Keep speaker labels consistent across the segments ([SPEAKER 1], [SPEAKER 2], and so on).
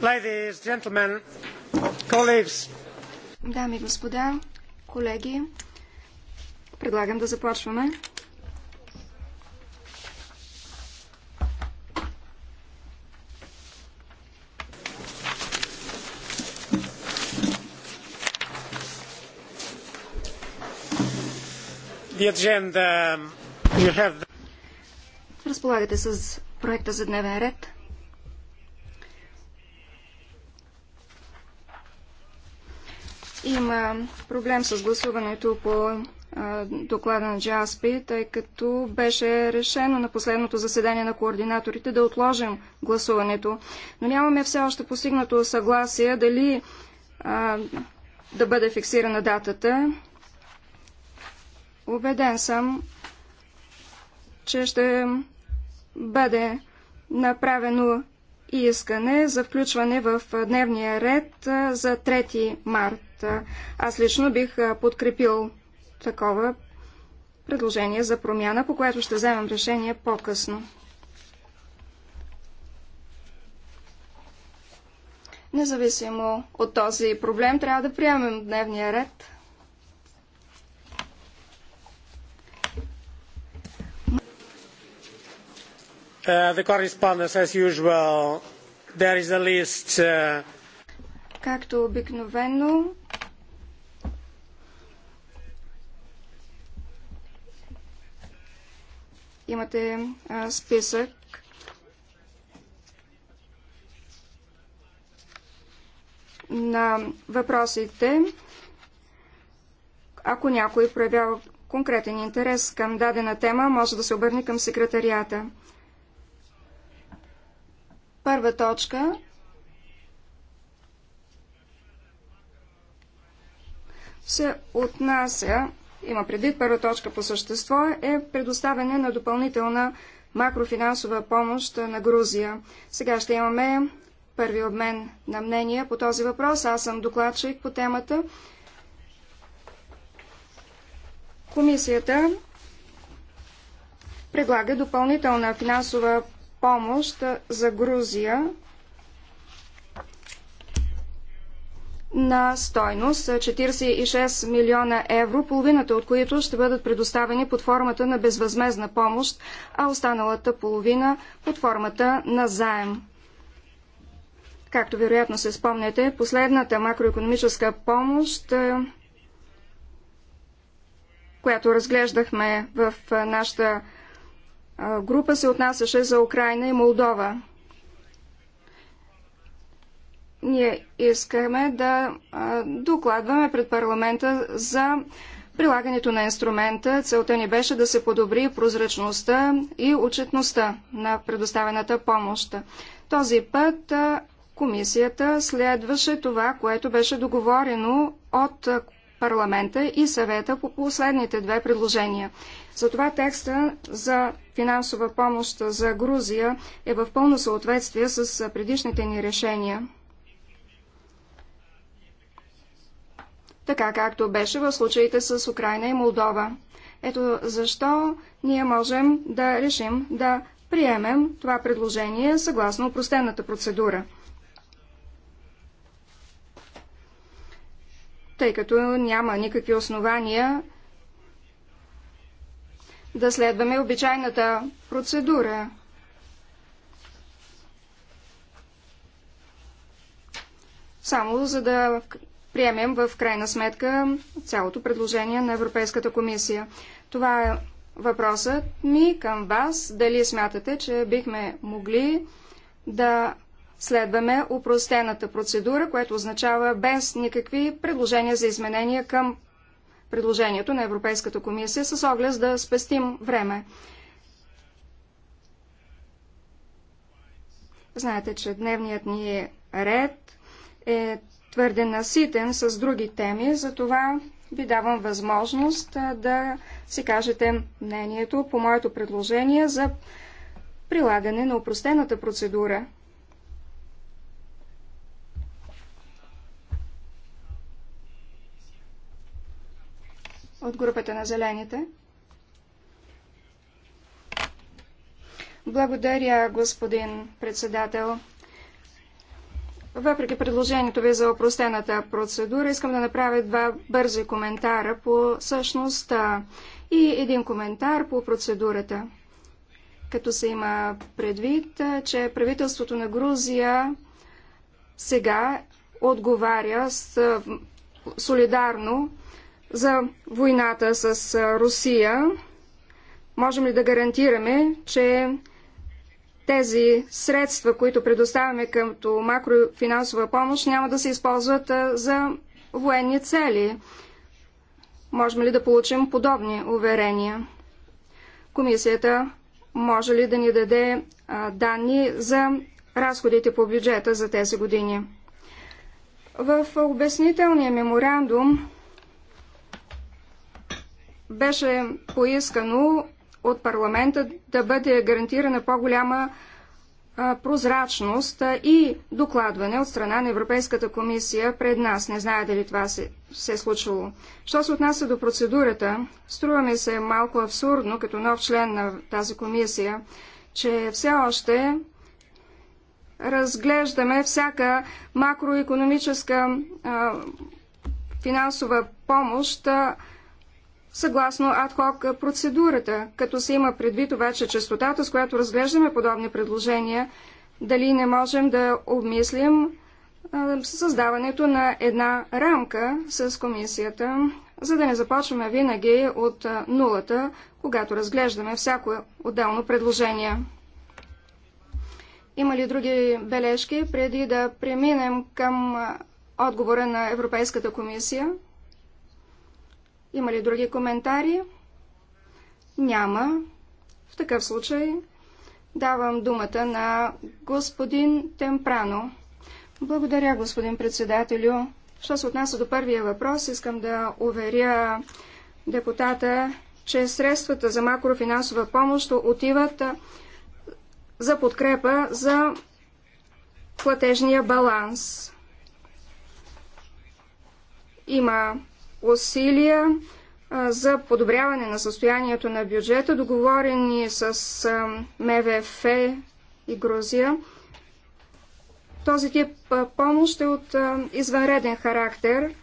[SPEAKER 1] Ladies, gentlemen, colleagues. Дами и господа, колеги, предлагам да започваме. Разполагате с проекта за дневен ред. Има проблем с гласуването по доклада на Джаспи, тъй като беше решено на последното заседание на координаторите да отложим гласуването. Но нямаме все още постигнато съгласие дали а, да бъде фиксирана датата. Обеден съм, че ще бъде направено и искане за включване в дневния ред за 3 март. Аз лично бих подкрепил такова предложение за промяна, по което ще вземем решение по-късно. Независимо от този проблем, трябва да приемем дневния ред. Uh, uh, Както обикновено, имате списък на въпросите. Ако някой проявява конкретен интерес към дадена тема, може да се обърне към секретарията. Първа точка се отнася, има предвид първа точка по същество, е предоставяне на допълнителна макрофинансова помощ на Грузия. Сега ще имаме първи обмен на мнения по този въпрос. Аз съм докладчик по темата. Комисията предлага допълнителна финансова помощ за Грузия на стойност 46 милиона евро, половината от които ще бъдат предоставени под формата на безвъзмезна помощ, а останалата половина под формата на заем. Както вероятно се спомняте, последната макроекономическа помощ, е, която разглеждахме в е, нашата група се отнасяше за Украина и Молдова. Ние искаме да докладваме пред парламента за прилагането на инструмента. Целта ни беше да се подобри прозрачността и отчетността на предоставената помощ. Този път комисията следваше това, което беше договорено от парламента и съвета по последните две предложения. Затова текста за финансова помощ за Грузия е в пълно съответствие с предишните ни решения. Така както беше в случаите с Украина и Молдова. Ето защо ние можем да решим да приемем това предложение съгласно упростената процедура. Тъй като няма никакви основания да следваме обичайната процедура. Само за да приемем в крайна сметка цялото предложение на Европейската комисия. Това е въпросът ми към вас. Дали смятате, че бихме могли да следваме упростената процедура, което означава без никакви предложения за изменения към предложението на Европейската комисия с оглед да спестим време. Знаете, че дневният ни ред е твърде наситен с други теми, затова ви давам възможност да си кажете мнението по моето предложение за прилагане на упростената процедура от групата на зелените. Благодаря, господин председател. Въпреки предложението ви за опростената процедура, искам да направя два бързи коментара по същността и един коментар по процедурата. Като се има предвид, че правителството на Грузия сега отговаря с солидарно за войната с Русия, можем ли да гарантираме, че тези средства, които предоставяме като макрофинансова помощ, няма да се използват за военни цели? Можем ли да получим подобни уверения? Комисията може ли да ни даде данни за разходите по бюджета за тези години? В обяснителния меморандум беше поискано от парламента да бъде гарантирана по-голяма прозрачност и докладване от страна на Европейската комисия пред нас. Не знае дали това се, се е случило. Що се отнася до процедурата, струва ми се малко абсурдно, като нов член на тази комисия, че все още разглеждаме всяка макроекономическа а, финансова помощ а, съгласно адхок процедурата, като се има предвид обаче частотата, с която разглеждаме подобни предложения, дали не можем да обмислим създаването на една рамка с комисията, за да не започваме винаги от нулата, когато разглеждаме всяко отделно предложение. Има ли други бележки преди да преминем към отговора на Европейската комисия? Има ли други коментари? Няма. В такъв случай давам думата на господин Темпрано. Благодаря, господин председателю. Що се отнася до първия въпрос, искам да уверя депутата, че средствата за макрофинансова помощ отиват за подкрепа за платежния баланс. Има усилия за подобряване на състоянието на бюджета, договорени с МВФ и Грузия. Този тип помощ е от извънреден характер.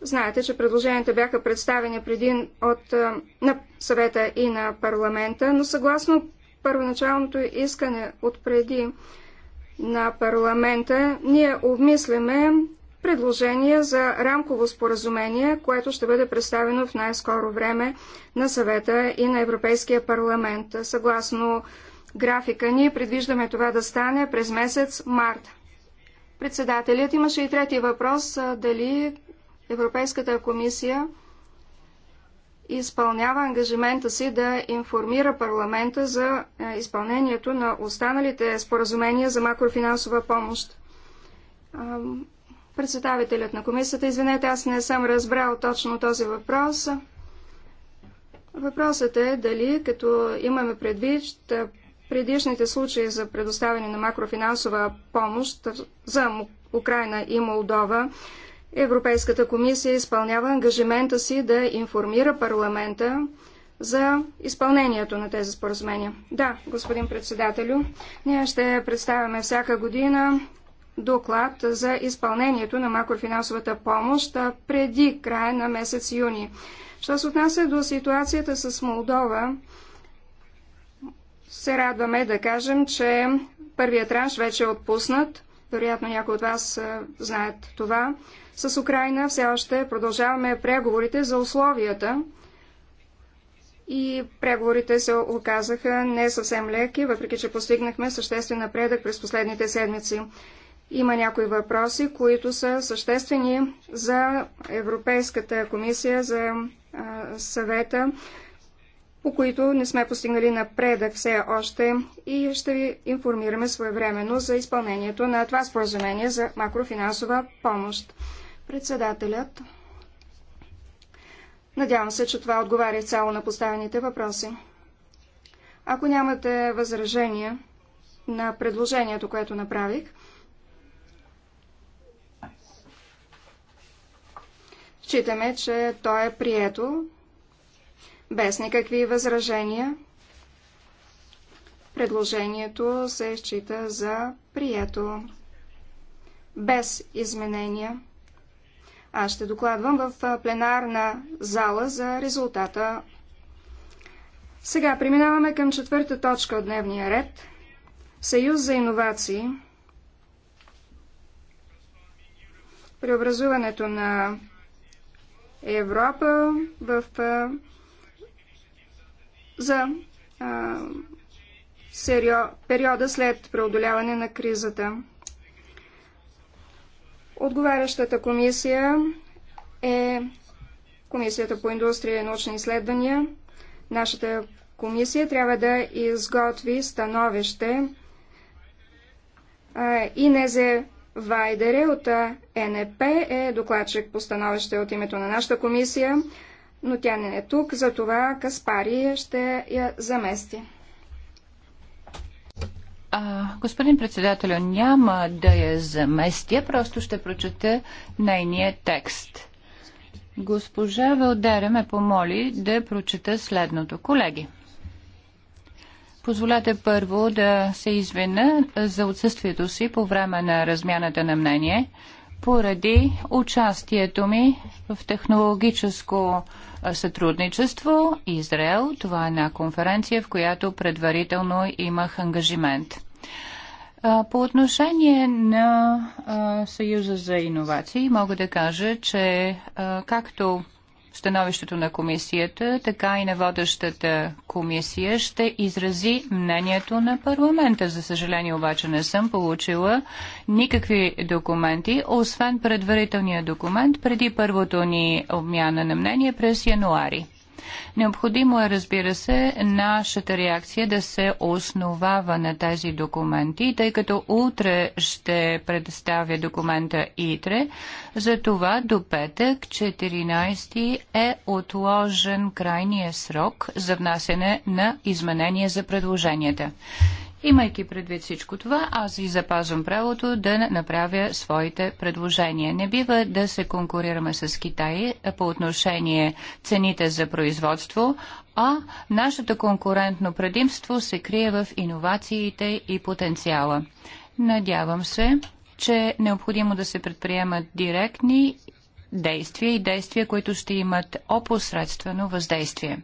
[SPEAKER 1] Знаете, че предложенията бяха представени преди от, на съвета и на парламента, но съгласно първоначалното искане от преди на парламента, ние обмисляме предложение за рамково споразумение, което ще бъде представено в най-скоро време на съвета и на Европейския парламент. Съгласно графика ни, предвиждаме това да стане през месец март. Председателят имаше и трети въпрос дали Европейската комисия изпълнява ангажимента си да информира парламента за изпълнението на останалите споразумения за макрофинансова помощ. Председателят на комисията, извинете, аз не съм разбрал точно този въпрос. Въпросът е дали, като имаме предвид предишните случаи за предоставяне на макрофинансова помощ за Украина и Молдова, Европейската комисия изпълнява ангажимента си да информира парламента за изпълнението на тези споразумения. Да, господин председателю, ние ще представяме всяка година доклад за изпълнението на макрофинансовата помощ преди края на месец юни. Що се отнася до ситуацията с Молдова, се радваме да кажем, че първият транш вече е отпуснат. Вероятно някои от вас знаят това. С Украина все още продължаваме преговорите за условията и преговорите се оказаха не съвсем леки, въпреки че постигнахме съществен напредък през последните седмици. Има някои въпроси, които са съществени за Европейската комисия, за съвета, по които не сме постигнали напредък все още и ще ви информираме своевременно за изпълнението на това споразумение за макрофинансова помощ. Председателят. Надявам се, че това отговаря цяло на поставените въпроси. Ако нямате възражения на предложението, което направих, Считаме, че то е прието без никакви възражения. Предложението се счита за прието без изменения. Аз ще докладвам в пленарна зала за резултата. Сега преминаваме към четвърта точка от дневния ред. Съюз за иновации. Преобразуването на Европа в, за а, серио, периода след преодоляване на кризата. Отговарящата комисия е Комисията по индустрия и научни изследвания. Нашата комисия трябва да изготви становище и за. Вайдере от НП е докладчик по становище от името на нашата комисия, но тя не е тук, затова Каспари ще я замести.
[SPEAKER 2] А, господин председател, няма да я заместя, просто ще прочета нейния текст. Госпожа Велдере ме помоли да прочета следното. Колеги, Позволете първо да се извина за отсъствието си по време на размяната на мнение поради участието ми в технологическо сътрудничество Израел. Това е една конференция, в която предварително имах ангажимент. По отношение на Съюза за иновации, мога да кажа, че както становището на комисията, така и на водещата комисия ще изрази мнението на парламента. За съжаление обаче не съм получила никакви документи, освен предварителния документ преди първото ни обмяна на мнение през януари. Необходимо е, разбира се, нашата реакция да се основава на тези документи, тъй като утре ще представя документа ИТРЕ, за това до петък 14 е отложен крайния срок за внасене на изменения за предложенията. Имайки предвид всичко това, аз и запазвам правото да направя своите предложения. Не бива да се конкурираме с Китай по отношение цените за производство, а нашето конкурентно предимство се крие в иновациите и потенциала. Надявам се, че е необходимо да се предприемат директни действия и действия, които ще имат опосредствено въздействие.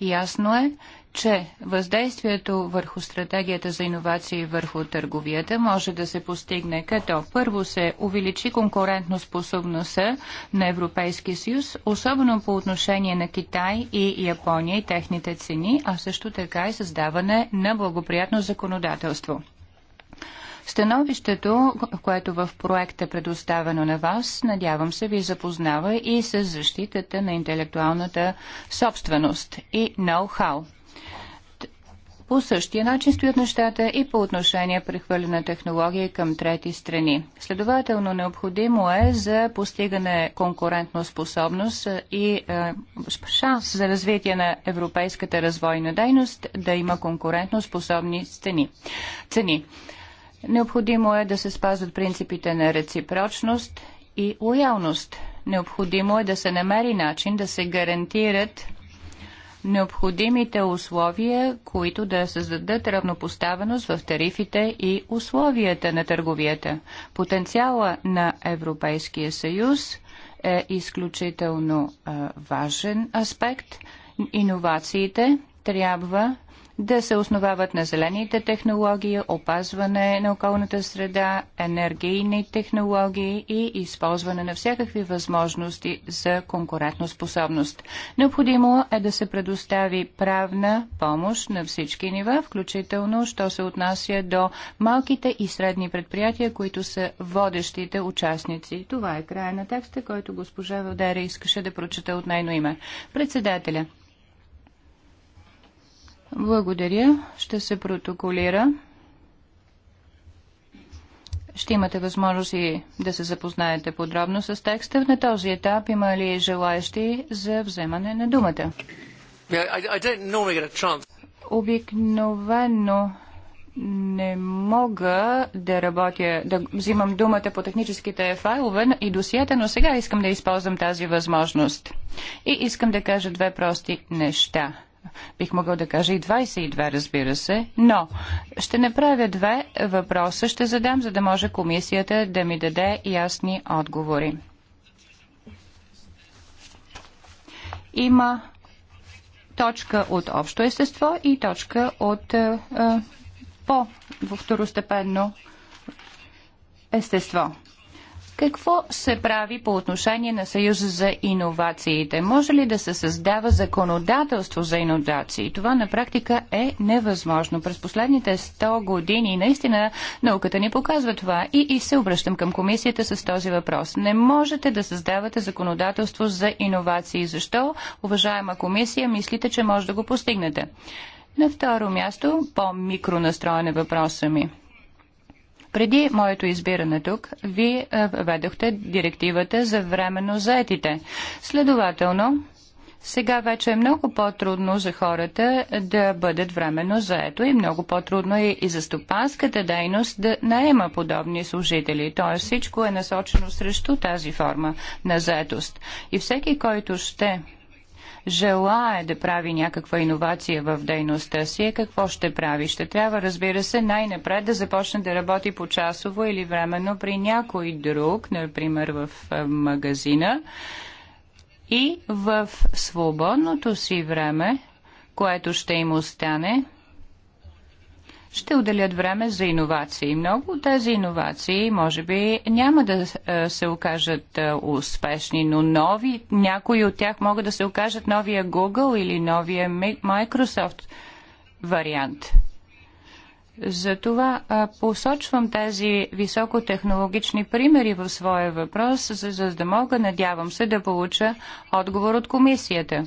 [SPEAKER 2] Ясно е, че въздействието върху стратегията за иновации върху търговията може да се постигне като първо се увеличи конкурентно способността на Европейския съюз, особено по отношение на Китай и Япония и техните цени, а също така и създаване на благоприятно законодателство. Становището, което в проекта е предоставено на вас, надявам се ви запознава и с защитата на интелектуалната собственост и ноу-хау. По същия начин стоят нещата и по отношение хвърлена технологии към трети страни. Следователно, необходимо е за постигане конкурентно способност и е, шанс за развитие на европейската развойна дейност да има конкурентно способни цени. цени. Необходимо е да се спазват принципите на реципрочност и лоялност. Необходимо е да се намери начин да се гарантират необходимите условия, които да създадат равнопоставеност в тарифите и условията на търговията. Потенциала на Европейския съюз е изключително важен аспект. Иновациите трябва да се основават на зелените технологии, опазване на околната среда, енергийни технологии и използване на всякакви възможности за способност. Необходимо е да се предостави правна помощ на всички нива, включително, що се отнася до малките и средни предприятия, които са водещите участници. Това е края на текста, който госпожа Валдера искаше да прочета от нейно име. Председателя. Благодаря. Ще се протоколира. Ще имате възможност и да се запознаете подробно с текста. На този етап има ли желаящи за вземане на думата? Обикновено не мога да работя, да взимам думата по техническите файлове и досията, но сега искам да използвам тази възможност. И искам да кажа две прости неща. Бих могъл да кажа и 22, разбира се, но ще направя две въпроса, ще задам, за да може комисията да ми даде ясни отговори. Има точка от общо естество и точка от е, е по-второстепенно естество. Какво се прави по отношение на Съюза за иновациите? Може ли да се създава законодателство за иновации? Това на практика е невъзможно. През последните 100 години наистина науката ни показва това и, и се обръщам към комисията с този въпрос. Не можете да създавате законодателство за иновации. Защо, уважаема комисия, мислите, че може да го постигнете? На второ място, по-микронастроене въпроса ми. Преди моето избиране тук, ви е, ведохте директивата за временно заетите. Следователно, сега вече е много по-трудно за хората да бъдат временно заето и много по-трудно е и за стопанската дейност да наема подобни служители. Тоест всичко е насочено срещу тази форма на заетост. И всеки, който ще желае да прави някаква иновация в дейността си, какво ще прави? Ще трябва, разбира се, най-напред да започне да работи по-часово или временно при някой друг, например в магазина. И в свободното си време, което ще им остане, ще отделят време за иновации. Много от тези иновации, може би, няма да е, се окажат е, успешни, но нови, някои от тях могат да се окажат новия Google или новия Microsoft вариант. Затова е, посочвам тези високотехнологични примери в своя въпрос, за, за да мога, надявам се, да получа отговор от комисията.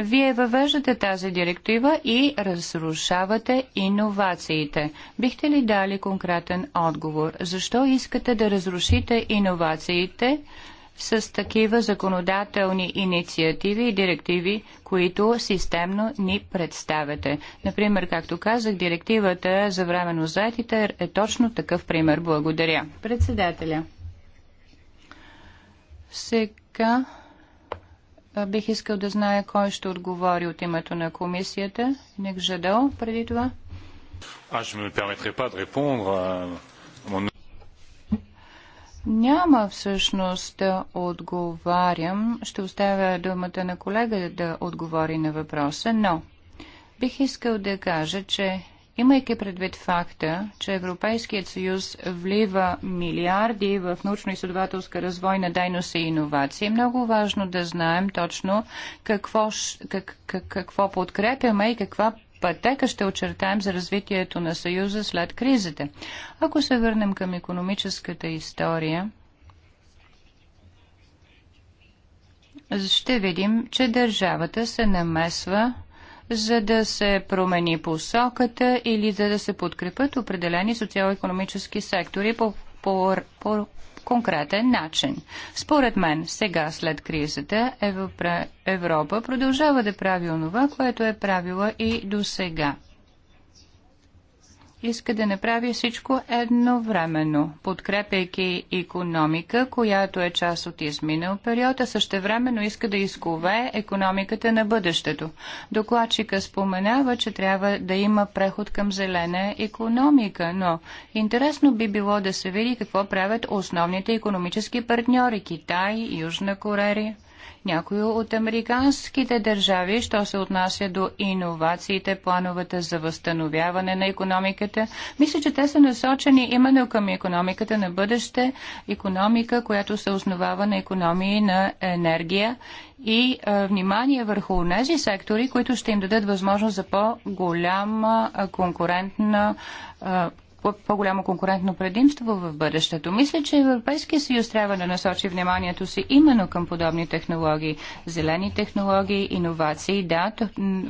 [SPEAKER 2] Вие въвеждате тази директива и разрушавате иновациите. Бихте ли дали конкретен отговор? Защо искате да разрушите иновациите с такива законодателни инициативи и директиви, които системно ни представяте? Например, както казах, директивата за времено заетите е точно такъв пример. Благодаря. Председателя. Сега Бих искал да знае, кой ще отговори от името на комисията. Ник Жадел, преди това. Аз не permettrai pas de répondre Няма всъщност да отговарям. Ще оставя думата на колега да отговори на въпроса, но бих искал да кажа, че Имайки предвид факта, че Европейският съюз влива милиарди в научно-изследователска развойна дейност и иновации, е много важно да знаем точно какво, как, как, какво подкрепяме и каква пътека ще очертаем за развитието на Съюза след кризите. Ако се върнем към економическата история, ще видим, че държавата се намесва за да се промени посоката или за да се подкрепят определени социално-економически сектори по, по, по конкретен начин. Според мен, сега след кризата, Европа продължава да прави онова, което е правила и до сега иска да направи всичко едновременно, подкрепяйки економика, която е част от изминал период, а същевременно иска да изкове економиката на бъдещето. Докладчика споменава, че трябва да има преход към зелена економика, но интересно би било да се види какво правят основните економически партньори Китай, Южна Корея някои от американските държави, що се отнася до иновациите, плановете за възстановяване на економиката. Мисля, че те са насочени именно към економиката на бъдеще, економика, която се основава на економии на енергия и а, внимание върху тези сектори, които ще им дадат възможност за по-голяма конкурентна а, по-голямо конкурентно предимство в бъдещето. Мисля, че Европейския съюз трябва да насочи вниманието си именно към подобни технологии. Зелени технологии, иновации, да,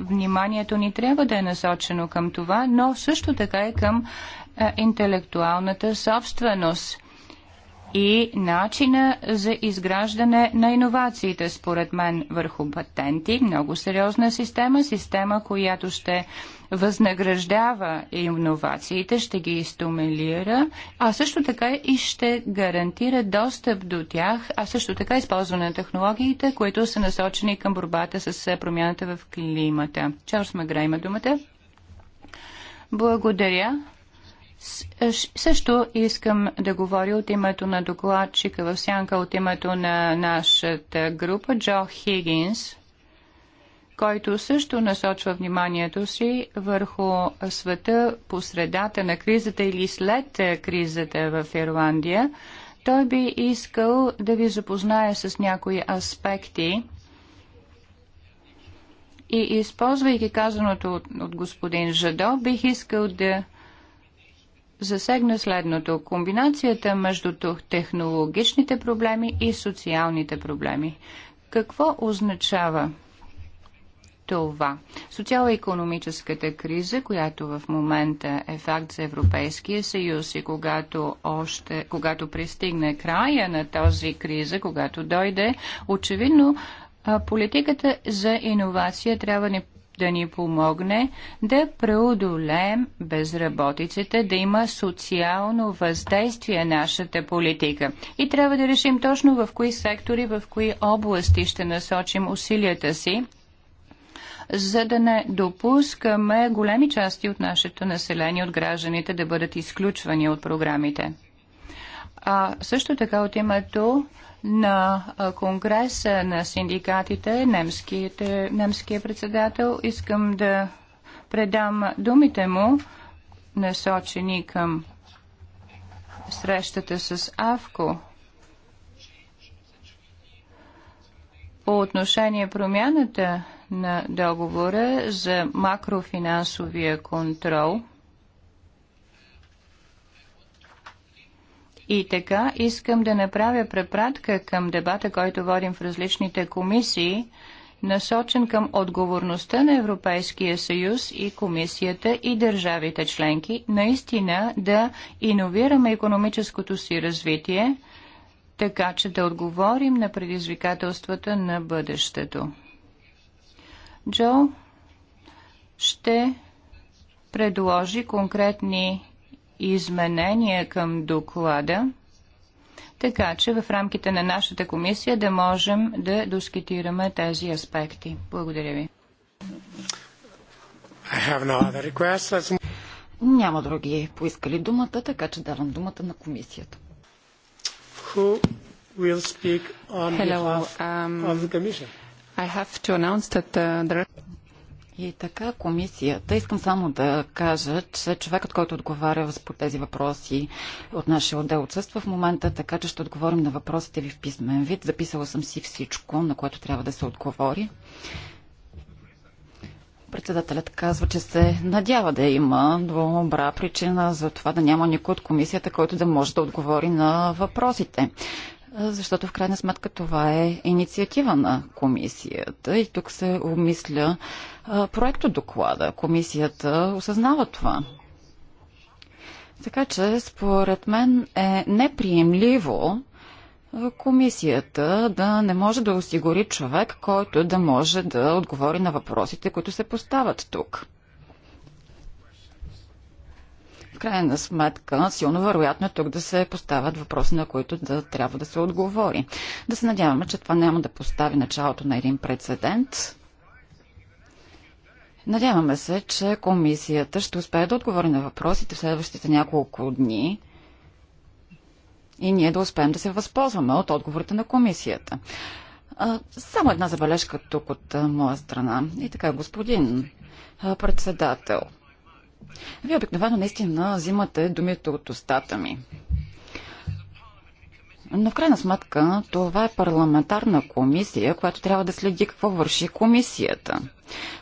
[SPEAKER 2] вниманието ни трябва да е насочено към това, но също така и към е, интелектуалната собственост – и начина за изграждане на иновациите, според мен, върху патенти. Много сериозна система, система, която ще възнаграждава иновациите, ще ги стимулира, а също така и ще гарантира достъп до тях, а също така използване на технологиите, които са насочени към борбата с промяната в климата. Чарлз Магра има думата. Благодаря. Е, също искам да говоря от името на докладчика в сянка, от името на нашата група Джо Хигинс, който също насочва вниманието си върху света по средата на кризата или след е, кризата в Ирландия. Той би искал да ви запознае с някои аспекти и използвайки казаното от господин Жадо, бих искал да засегна следното. Комбинацията между технологичните проблеми и социалните проблеми. Какво означава това? Социално-економическата криза, която в момента е факт за Европейския съюз и когато, още, когато пристигне края на този криза, когато дойде, очевидно политиката за иновация трябва да да ни помогне да преодолеем безработицата, да има социално въздействие нашата политика. И трябва да решим точно в кои сектори, в кои области ще насочим усилията си, за да не допускаме големи части от нашето население, от гражданите да бъдат изключвани от програмите. А също така от името на Конгреса на синдикатите, немските, немския председател. Искам да предам думите му, насочени към срещата с Авко. По отношение промяната на договора за макрофинансовия контрол – И така искам да направя препратка към дебата, който водим в различните комисии, насочен към отговорността на Европейския съюз и комисията и държавите членки, наистина да иновираме економическото си развитие, така че да отговорим на предизвикателствата на бъдещето. Джо ще предложи конкретни изменения към доклада, така че в рамките на нашата комисия да можем да дискутираме
[SPEAKER 3] тези аспекти. Благодаря ви. No Няма други поискали думата, така че давам думата на комисията.
[SPEAKER 1] Hello, um,
[SPEAKER 3] I have to announce that uh, the и така, комисията, искам само да кажа, че човекът, който отговаря по тези въпроси от нашия отдел отсъства в момента, така че ще отговорим на въпросите ви в писмен вид. Записала съм си всичко, на което трябва да се отговори. Председателят казва, че се надява да има добра причина за това да няма никой от комисията, който да може да отговори на въпросите защото в крайна сметка това е инициатива на комисията и тук се обмисля проекто доклада. Комисията осъзнава това. Така че, според мен е неприемливо комисията да не може да осигури човек, който да може да отговори на въпросите, които се поставят тук. В крайна сметка, силно вероятно е тук да се поставят въпроси, на които да трябва да се отговори. Да се надяваме, че това няма да постави началото на един прецедент, Надяваме се, че комисията ще успее да отговори на въпросите в следващите няколко дни и ние да успеем да се възползваме от отговорите на комисията. Само една забележка тук от моя страна. И така, господин председател – вие обикновено наистина взимате думите от устата ми. Но в крайна сметка това е парламентарна комисия, която трябва да следи какво върши комисията.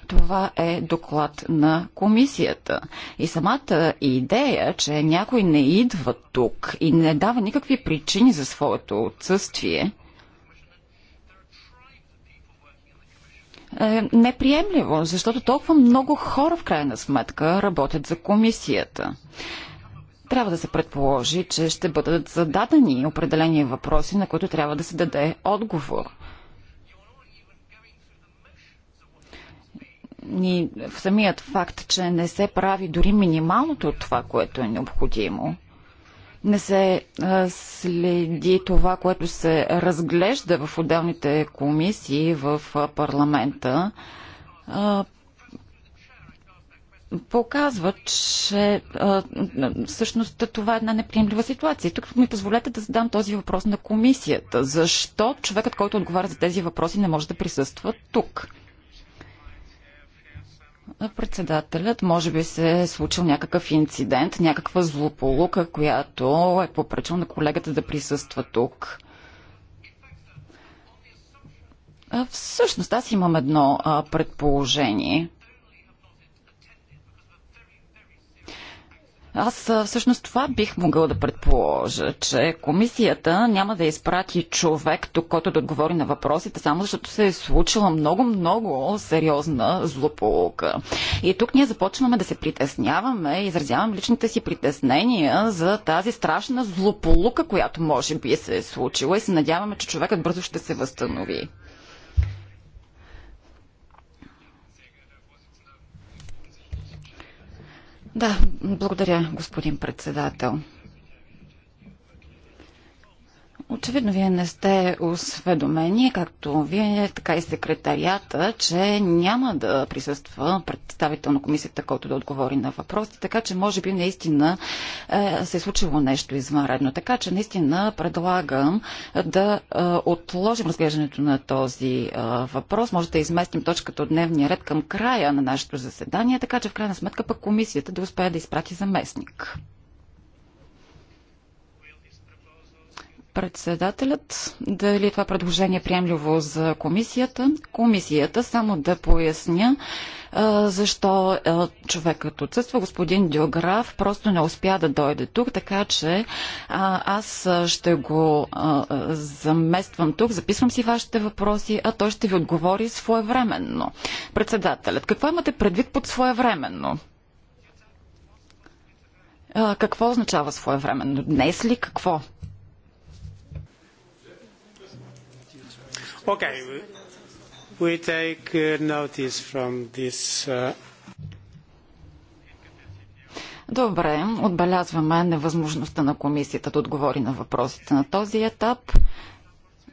[SPEAKER 3] Това е доклад на комисията. И самата идея, че някой не идва тук и не дава никакви причини за своето отсъствие – е неприемливо, защото толкова много хора в крайна сметка работят за комисията. Трябва да се предположи, че ще бъдат зададени определени въпроси, на които трябва да се даде отговор. Ни, в самият факт, че не се прави дори минималното от това, което е необходимо, не се следи това, което се разглежда в отделните комисии в парламента, показва, че всъщност това е една неприемлива ситуация. Тук ми позволете да задам този въпрос на комисията. Защо човекът, който отговаря за тези въпроси, не може да присъства тук? Председателят може би се е случил някакъв инцидент, някаква злополука, която е попречил на колегата да присъства тук. Всъщност аз имам едно а, предположение. Аз всъщност това бих могъл да предположа, че комисията няма да изпрати човек, тук, който да отговори на въпросите, само защото се е случила много-много сериозна злополука. И тук ние започваме да се притесняваме, изразяваме личните си притеснения за тази страшна злополука, която може би се е случила и се надяваме, че човекът бързо ще се възстанови. Да, благодаря, господин председател. Очевидно, вие не сте осведомени, както вие, така и секретарията, че няма да присъства представител на комисията, който да отговори на въпроси, така че може би наистина е, се е случило нещо извънредно. Така че наистина предлагам е, да е, отложим разглеждането на този е, въпрос. Може да изместим точката от дневния ред към края на нашето заседание, така че в крайна сметка пък комисията да успее да изпрати заместник. Председателят, дали това предложение е приемливо за комисията? Комисията, само да поясня защо човекът отсъства. Господин Диограф просто не успя да дойде тук, така че аз ще го замествам тук, записвам си вашите въпроси, а той ще ви отговори своевременно. Председателят, какво имате предвид под своевременно? Какво означава своевременно? Днес ли? Какво?
[SPEAKER 1] Okay.
[SPEAKER 2] We take uh, notice from this. Uh,
[SPEAKER 3] Добре, отбелязваме невъзможността на комисията да отговори на въпросите на този етап.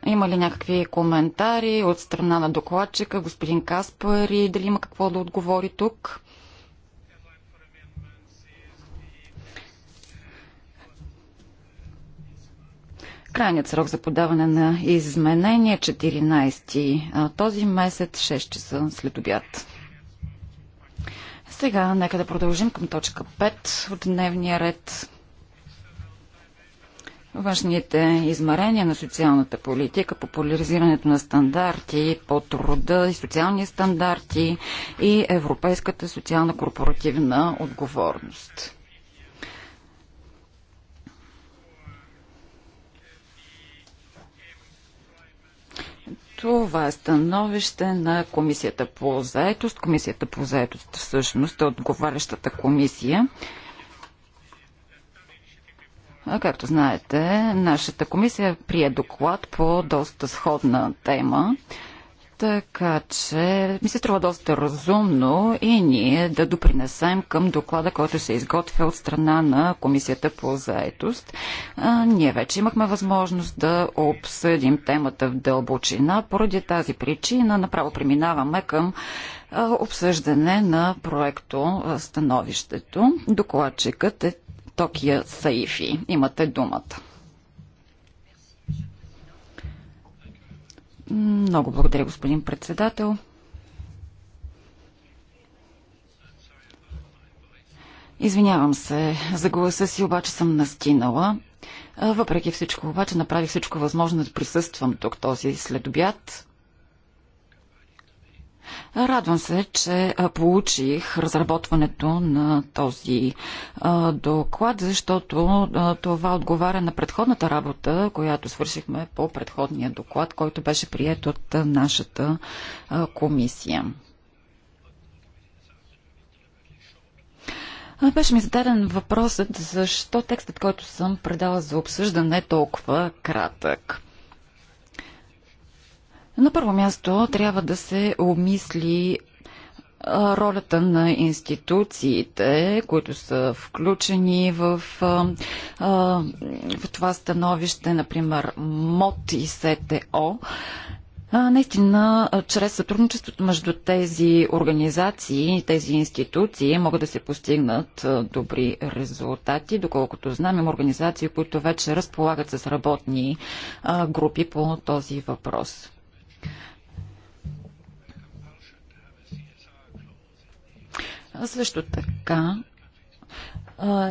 [SPEAKER 3] Има ли някакви коментари от страна на докладчика, господин Каспар и дали има какво да отговори тук? Крайният срок за подаване на изменение 14 е този месец 6 часа след обяд. Сега нека да продължим към точка 5 от дневния ред. Външните измерения на социалната политика, популяризирането на стандарти по труда и социални стандарти и европейската социална корпоративна отговорност. Това е становище на Комисията по заетост. Комисията по заетост всъщност е отговарящата комисия. А както знаете, нашата комисия прие доклад по доста сходна тема. Така че ми се трябва доста разумно и ние да допринесем към доклада, който се изготвя от страна на Комисията по заетост. А, ние вече имахме възможност да обсъдим темата в дълбочина. Поради тази причина направо преминаваме към а, обсъждане на проекто становището. Докладчикът е Токия Саифи. Имате думата. Много благодаря, господин председател. Извинявам се за гласа си, обаче съм настинала. Въпреки всичко, обаче направих всичко възможно да присъствам тук този следобяд. Радвам се, че получих разработването на този доклад, защото това отговаря на предходната работа, която свършихме по предходния доклад, който беше прият от нашата комисия. Беше ми зададен въпросът защо текстът, който съм предала за обсъждане е толкова кратък. На първо място трябва да се обмисли ролята на институциите, които са включени в, в това становище, например МОТ и СТО. Наистина, чрез сътрудничеството между тези организации, тези институции могат да се постигнат добри резултати. Доколкото знам, има организации, които вече разполагат с работни групи по този въпрос. А също така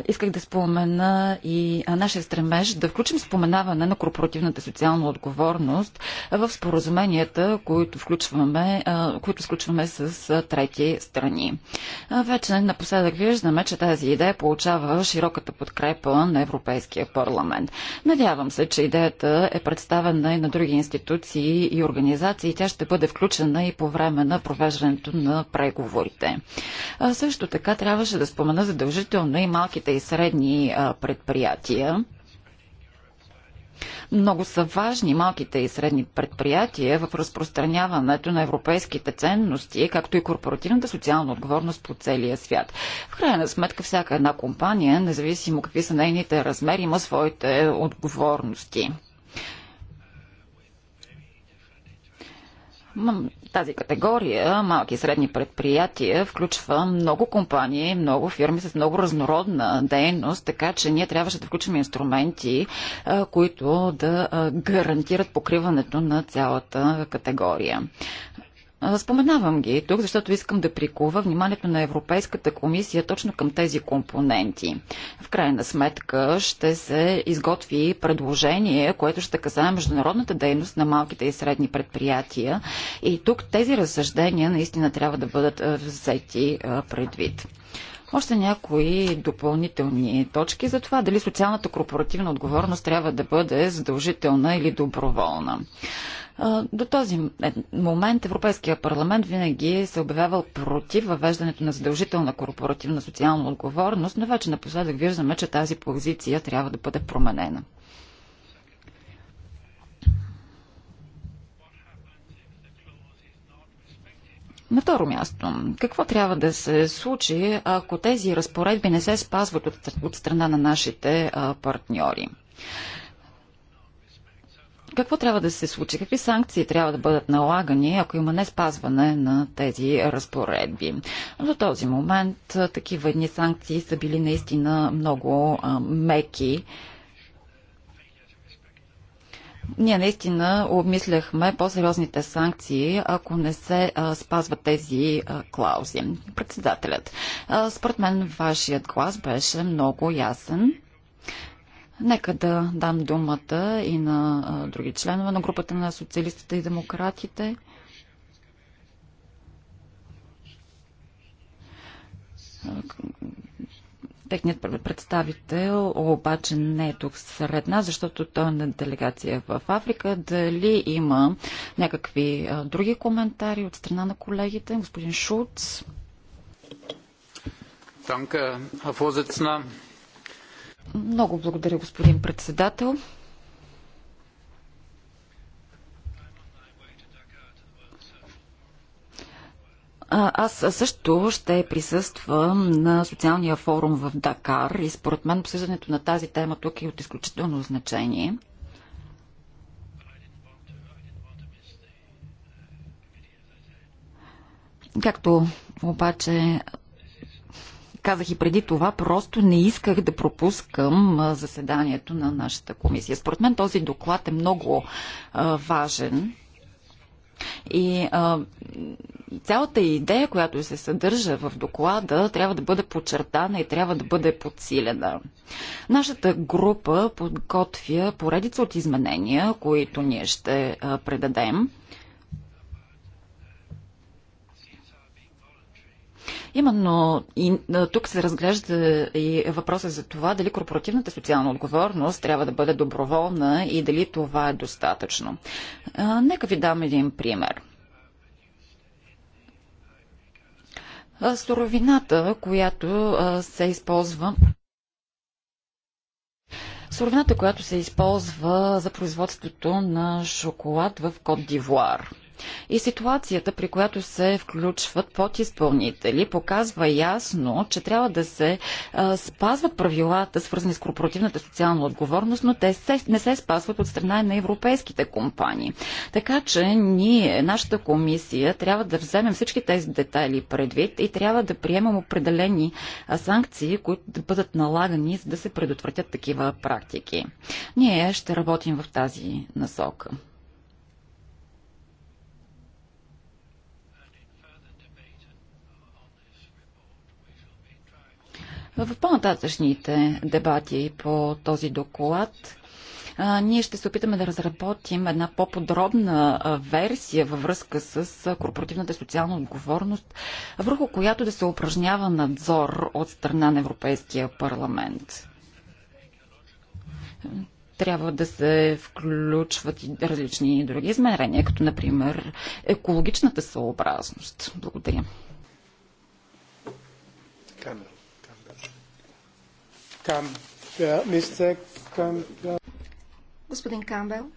[SPEAKER 3] исках да спомена и нашия стремеж да включим споменаване на корпоративната социална отговорност в споразуменията, които, включваме, които включваме с трети страни. Вече напоследък виждаме, че тази идея получава широката подкрепа на Европейския парламент. Надявам се, че идеята е представена и на други институции и организации и тя ще бъде включена и по време на провеждането на преговорите. Също така трябваше да спомена задължително и малко малките и средни предприятия. Много са важни малките и средни предприятия в разпространяването на европейските ценности, както и корпоративната социална отговорност по целия свят. В крайна сметка всяка една компания, независимо какви са нейните размери, има своите отговорности тази категория малки и средни предприятия включва много компании, много фирми с много разнородна дейност, така че ние трябваше да включим инструменти, които да гарантират покриването на цялата категория. Споменавам ги тук, защото искам да прикува вниманието на Европейската комисия точно към тези компоненти. В крайна сметка ще се изготви предложение, което ще касае международната дейност на малките и средни предприятия. И тук тези разсъждения наистина трябва да бъдат взети предвид. Още някои допълнителни точки за това дали социалната корпоративна отговорност трябва да бъде задължителна или доброволна. До този е, момент Европейския парламент винаги се е обявявал против въвеждането на задължителна корпоративна социална отговорност, но вече напоследък виждаме, че тази позиция трябва да бъде променена. На второ място, какво трябва да се случи, ако тези разпоредби не се спазват от, страна на нашите партньори? Какво трябва да се случи? Какви санкции трябва да бъдат налагани, ако има не спазване на тези разпоредби? До този момент такива едни санкции са били наистина много а, меки. Ние наистина обмисляхме по-сериозните санкции, ако не се а, спазват тези а, клаузи. Председателят, а, според мен вашият глас беше много ясен. Нека да дам думата и на а, други членове на групата на социалистите и демократите. Техният представител обаче не е тук сред нас, защото той е на делегация в Африка. Дали има някакви а, други коментари от страна на колегите? Господин Шуц. Danke, много благодаря, господин председател. Аз също ще присъствам на социалния форум в Дакар и според мен обсъждането на тази тема тук е от изключително значение. Както обаче казах и преди това, просто не исках да пропускам заседанието на нашата комисия. Според мен този доклад е много важен. И а, цялата идея, която се съдържа в доклада, трябва да бъде подчертана и трябва да бъде подсилена. Нашата група подготвя поредица от изменения, които ние ще а, предадем. Именно и, тук се разглежда и въпроса за това дали корпоративната социална отговорност трябва да бъде доброволна и дали това е достатъчно. нека ви дам един пример. суровината, която се използва суровината, която се използва за производството на шоколад в Кот Дивуар. И ситуацията, при която се включват подизпълнители, показва ясно, че трябва да се а, спазват правилата, свързани с корпоративната социална отговорност, но те се, не се спазват от страна на европейските компании. Така че ние, нашата комисия, трябва да вземем всички тези детайли предвид и трябва да приемам определени санкции, които да бъдат налагани, за да се предотвратят такива практики. Ние ще работим в тази насока. В по-нататъчните дебати по този доклад ние ще се опитаме да разработим една по-подробна версия във връзка с корпоративната социална отговорност, върху която да се упражнява надзор от страна на Европейския парламент. Трябва да се включват и различни други измерения, като например екологичната съобразност. Благодаря.
[SPEAKER 1] Камера. Е, господин Камбел.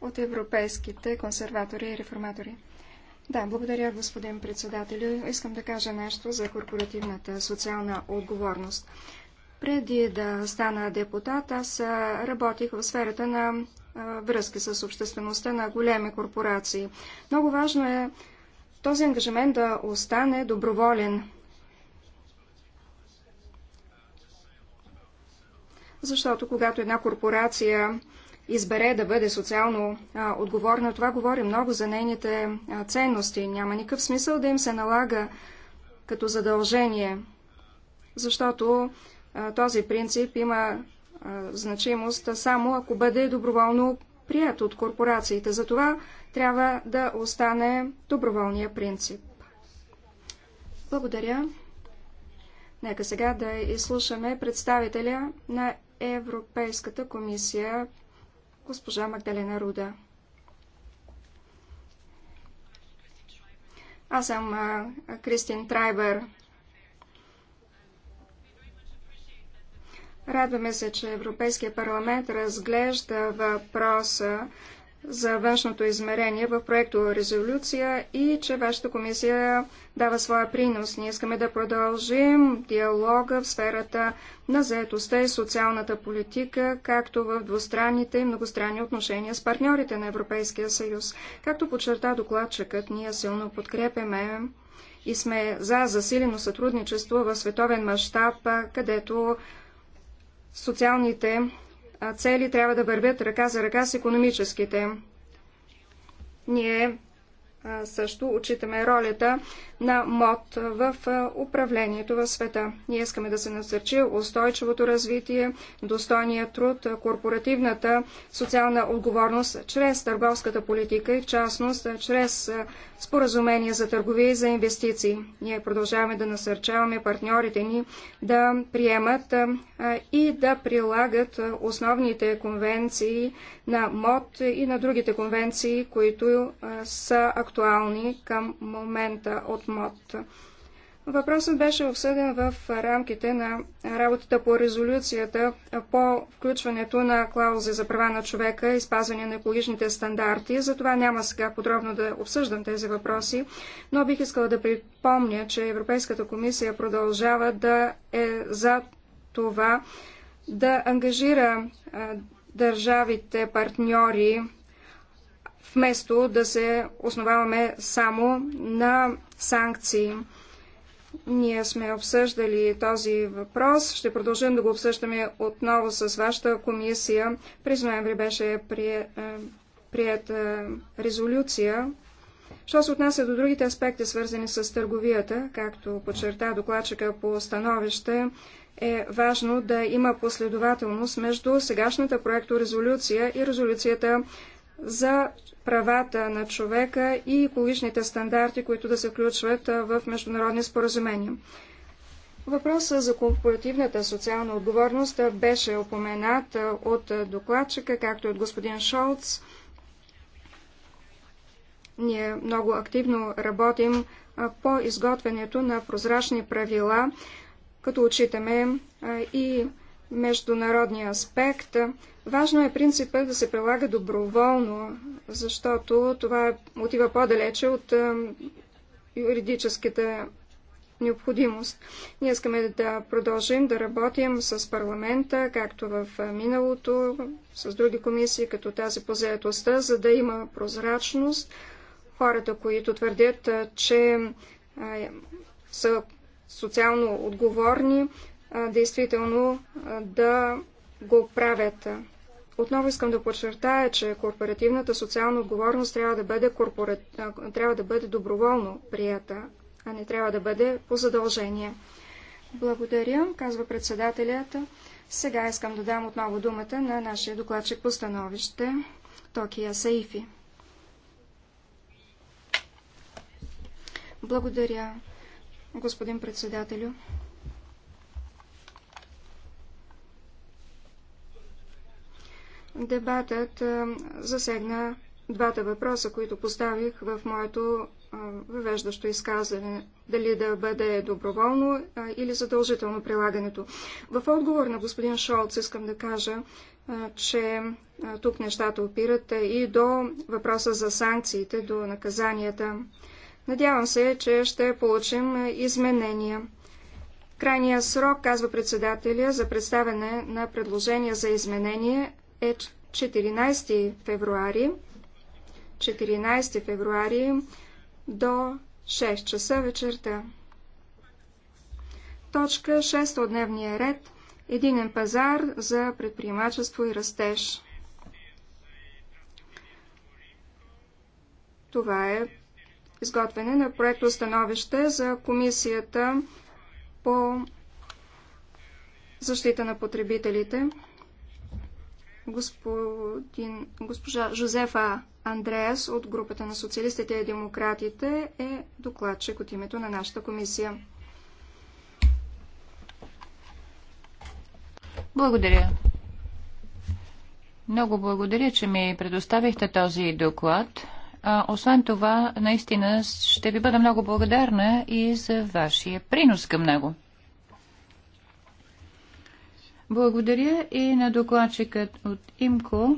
[SPEAKER 1] От европейските консерватори и реформатори. Да, благодаря, господин председател. Искам да кажа нещо за корпоративната социална отговорност. Преди да стана депутат, аз работих в сферата на връзки с обществеността на големи корпорации. Много важно е този ангажимент да остане доброволен. Защото когато една корпорация избере да бъде социално а, отговорна, това говори много за нейните а, ценности. Няма никакъв смисъл да им се налага като задължение, защото а, този принцип има а, значимост само ако бъде доброволно Прият от корпорациите. Затова трябва да остане доброволния принцип. Благодаря. Нека сега да изслушаме представителя на Европейската комисия, госпожа Магдалена Руда. Аз съм Кристин Трайбер. Радваме се, че Европейския парламент разглежда въпроса за външното измерение в проекто резолюция и че вашата комисия дава своя принос. Ние искаме да продължим диалога в сферата на заетостта и социалната политика, както в двустранните и многостранни отношения с партньорите на Европейския съюз. Както подчерта докладчикът, ние силно подкрепяме и сме за засилено сътрудничество в световен мащаб, където социалните цели трябва да вървят ръка за ръка с економическите. Ние също отчитаме ролята на МОД в управлението в света. Ние искаме да се насърчи устойчивото развитие, достойния труд, корпоративната социална отговорност чрез търговската политика и в частност чрез споразумения за търговия и за инвестиции. Ние продължаваме да насърчаваме партньорите ни да приемат и да прилагат основните конвенции на МОД и на другите конвенции, които са актуални актуални към момента от МОД. Въпросът беше обсъден в рамките на работата по резолюцията по включването на клаузи за права на човека и спазване на екологичните стандарти. Затова няма сега подробно да обсъждам тези въпроси, но бих искала да припомня, че Европейската комисия продължава да е за това да ангажира държавите партньори вместо да се основаваме само на санкции. Ние сме обсъждали този въпрос. Ще продължим да го обсъждаме отново с вашата комисия. През ноември беше прията е, прият, е, резолюция. Що се отнася до другите аспекти, свързани с търговията, както подчерта докладчика по становище, е важно да има последователност между сегашната проекторезолюция и резолюцията за правата на човека и екологичните стандарти, които да се включват в международни споразумения. Въпросът за корпоративната социална отговорност беше опоменат от докладчика, както и от господин Шолц. Ние много активно работим по изготвянето на прозрачни правила, като отчитаме и международния аспект. Важно е принципа да се прилага доброволно, защото това отива по-далече от юридическата необходимост. Ние искаме да продължим да работим с парламента, както в миналото, с други комисии, като тази по заедостта, за да има прозрачност. Хората, които твърдят, че са социално отговорни, действително да го правят. Отново искам да подчертая, че корпоративната социална отговорност трябва да бъде, корпора... трябва да бъде доброволно прията, а не трябва да бъде по задължение. Благодаря, казва председателят. Сега искам да дам отново думата на нашия докладчик по становище Токия Саифи. Благодаря, господин председателю. Дебатът засегна двата въпроса, които поставих в моето въвеждащо изказване. Дали да бъде доброволно или задължително прилагането. В отговор на господин Шолц искам да кажа, че тук нещата опират и до въпроса за санкциите, до наказанията. Надявам се, че ще получим изменения. Крайният срок, казва председателя, за представяне на предложения за изменение е 14 февруари. 14 февруари до 6 часа вечерта. Точка 6 от дневния ред – Единен пазар за предприемачество и растеж. Това е изготвяне на проекто становище за Комисията по защита на потребителите господин, госпожа Жозефа Андреас от групата на социалистите и демократите е докладчик от името на нашата комисия.
[SPEAKER 2] Благодаря. Много благодаря, че ми предоставихте този доклад. А, освен това, наистина ще ви бъда много благодарна и за вашия принос към него. Благодаря и на докладчикът от ИМКО,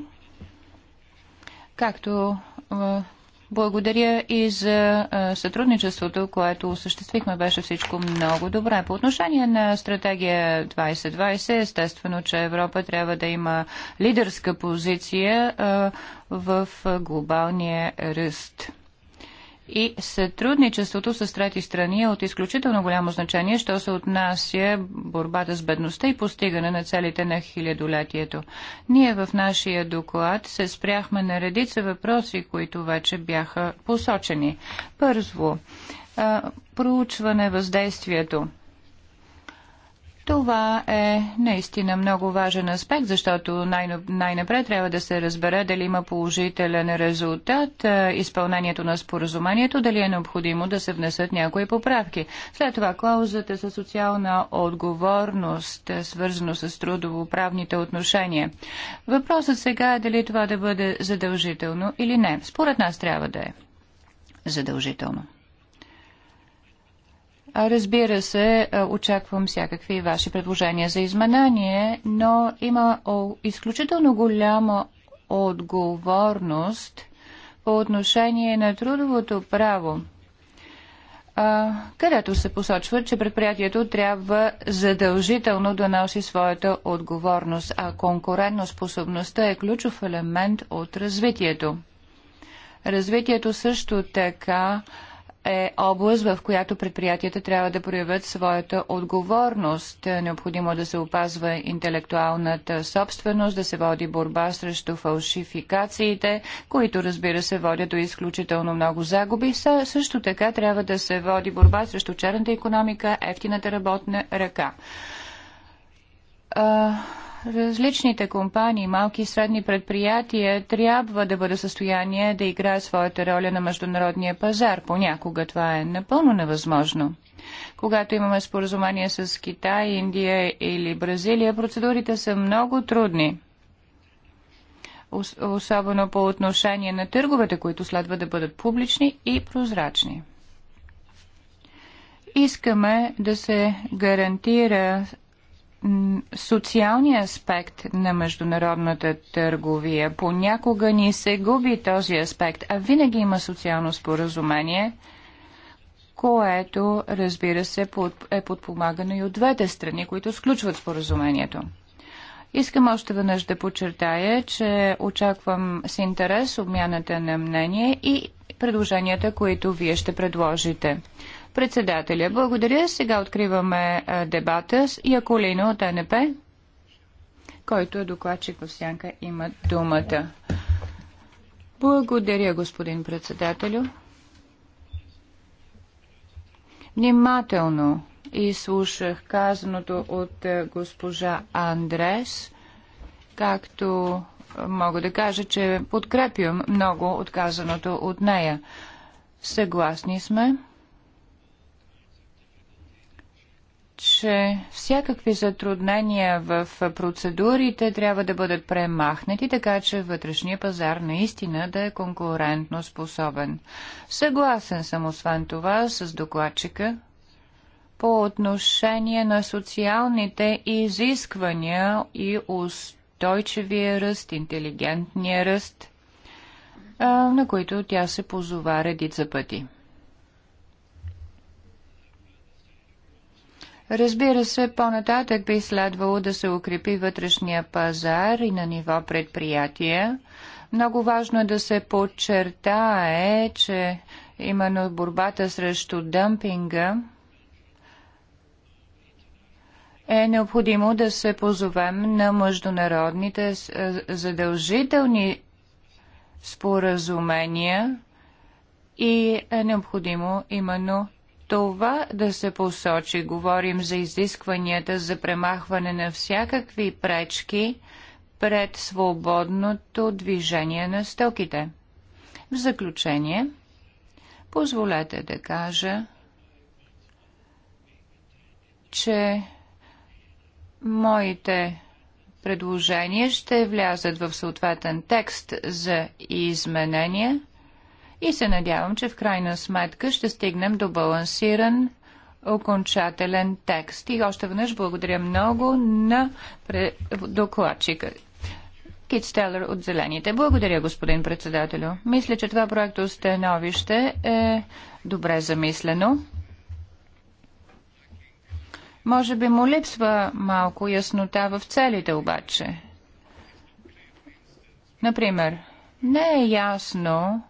[SPEAKER 2] както благодаря и за сътрудничеството, което осъществихме. Беше всичко много добре. По отношение на стратегия 2020, естествено, че Европа трябва да има лидерска позиция в глобалния ръст и сътрудничеството с трети страни е от изключително голямо значение, що се отнася борбата с бедността и постигане на целите на хилядолетието. Ние в нашия доклад се спряхме на редица въпроси, които вече бяха посочени. Първо, проучване въздействието това е наистина много важен аспект, защото най-напред трябва да се разбере дали има положителен резултат е, изпълнението на споразумението, дали е необходимо да се внесат някои поправки. След това клаузата за социална отговорност, е, свързано с трудовоправните отношения. Въпросът сега е дали това да бъде задължително или не. Според нас трябва да е задължително. Разбира се, очаквам всякакви ваши предложения за изменение, но има изключително голяма отговорност по отношение на трудовото право, където се посочва, че предприятието трябва задължително да носи своята отговорност, а конкурентоспособността е ключов елемент от развитието. Развитието също така е област, в която предприятията трябва да проявят своята отговорност. Необходимо е да се опазва интелектуалната собственост, да се води борба срещу фалшификациите, които разбира се водят до изключително много загуби. Също така трябва да се води борба срещу черната економика, ефтината работна ръка различните компании, малки и средни предприятия трябва да бъде в състояние да играят своята роля на международния пазар. Понякога това е напълно невъзможно. Когато имаме споразумение с Китай, Индия или Бразилия, процедурите са много трудни. Особено по отношение на търговете, които следва да бъдат публични и прозрачни искаме да се гарантира социалния аспект на международната търговия. Понякога ни се губи този аспект, а винаги има социално споразумение, което, разбира се, е подпомагано и от двете страни, които сключват споразумението. Искам още веднъж да подчертая, че очаквам с интерес обмяната на мнение и предложенията, които вие ще предложите. Председателя, благодаря. Сега откриваме дебата с Яколино от НП, който е докладчик в сянка. Има думата. Благодаря, господин председателю. Внимателно изслушах казаното от госпожа Андрес, както мога да кажа, че подкрепям много отказаното от нея. Съгласни сме че всякакви затруднения в процедурите трябва да бъдат премахнати, така че вътрешния пазар наистина да е конкурентно способен. Съгласен съм освен това с докладчика по отношение на социалните изисквания и устойчивия ръст, интелигентния ръст, на които тя се позова редица пъти. Разбира се, по-нататък би следвало да се укрепи вътрешния пазар и на ниво предприятия. Много важно е да се подчертае, че именно борбата срещу дъмпинга е необходимо да се позовем на международните е, задължителни споразумения и е необходимо именно това да се посочи. Говорим за изискванията за премахване на всякакви пречки пред свободното движение на стоките. В заключение, позволете да кажа, че моите предложения ще влязат в съответен текст за изменения и се надявам, че в крайна сметка ще стигнем до балансиран окончателен текст. И още веднъж благодаря много на докладчика. Кит Стелър от Зелените. Благодаря, господин председателю. Мисля, че това проекто становище е добре замислено. Може би му липсва малко яснота в целите обаче. Например, не е ясно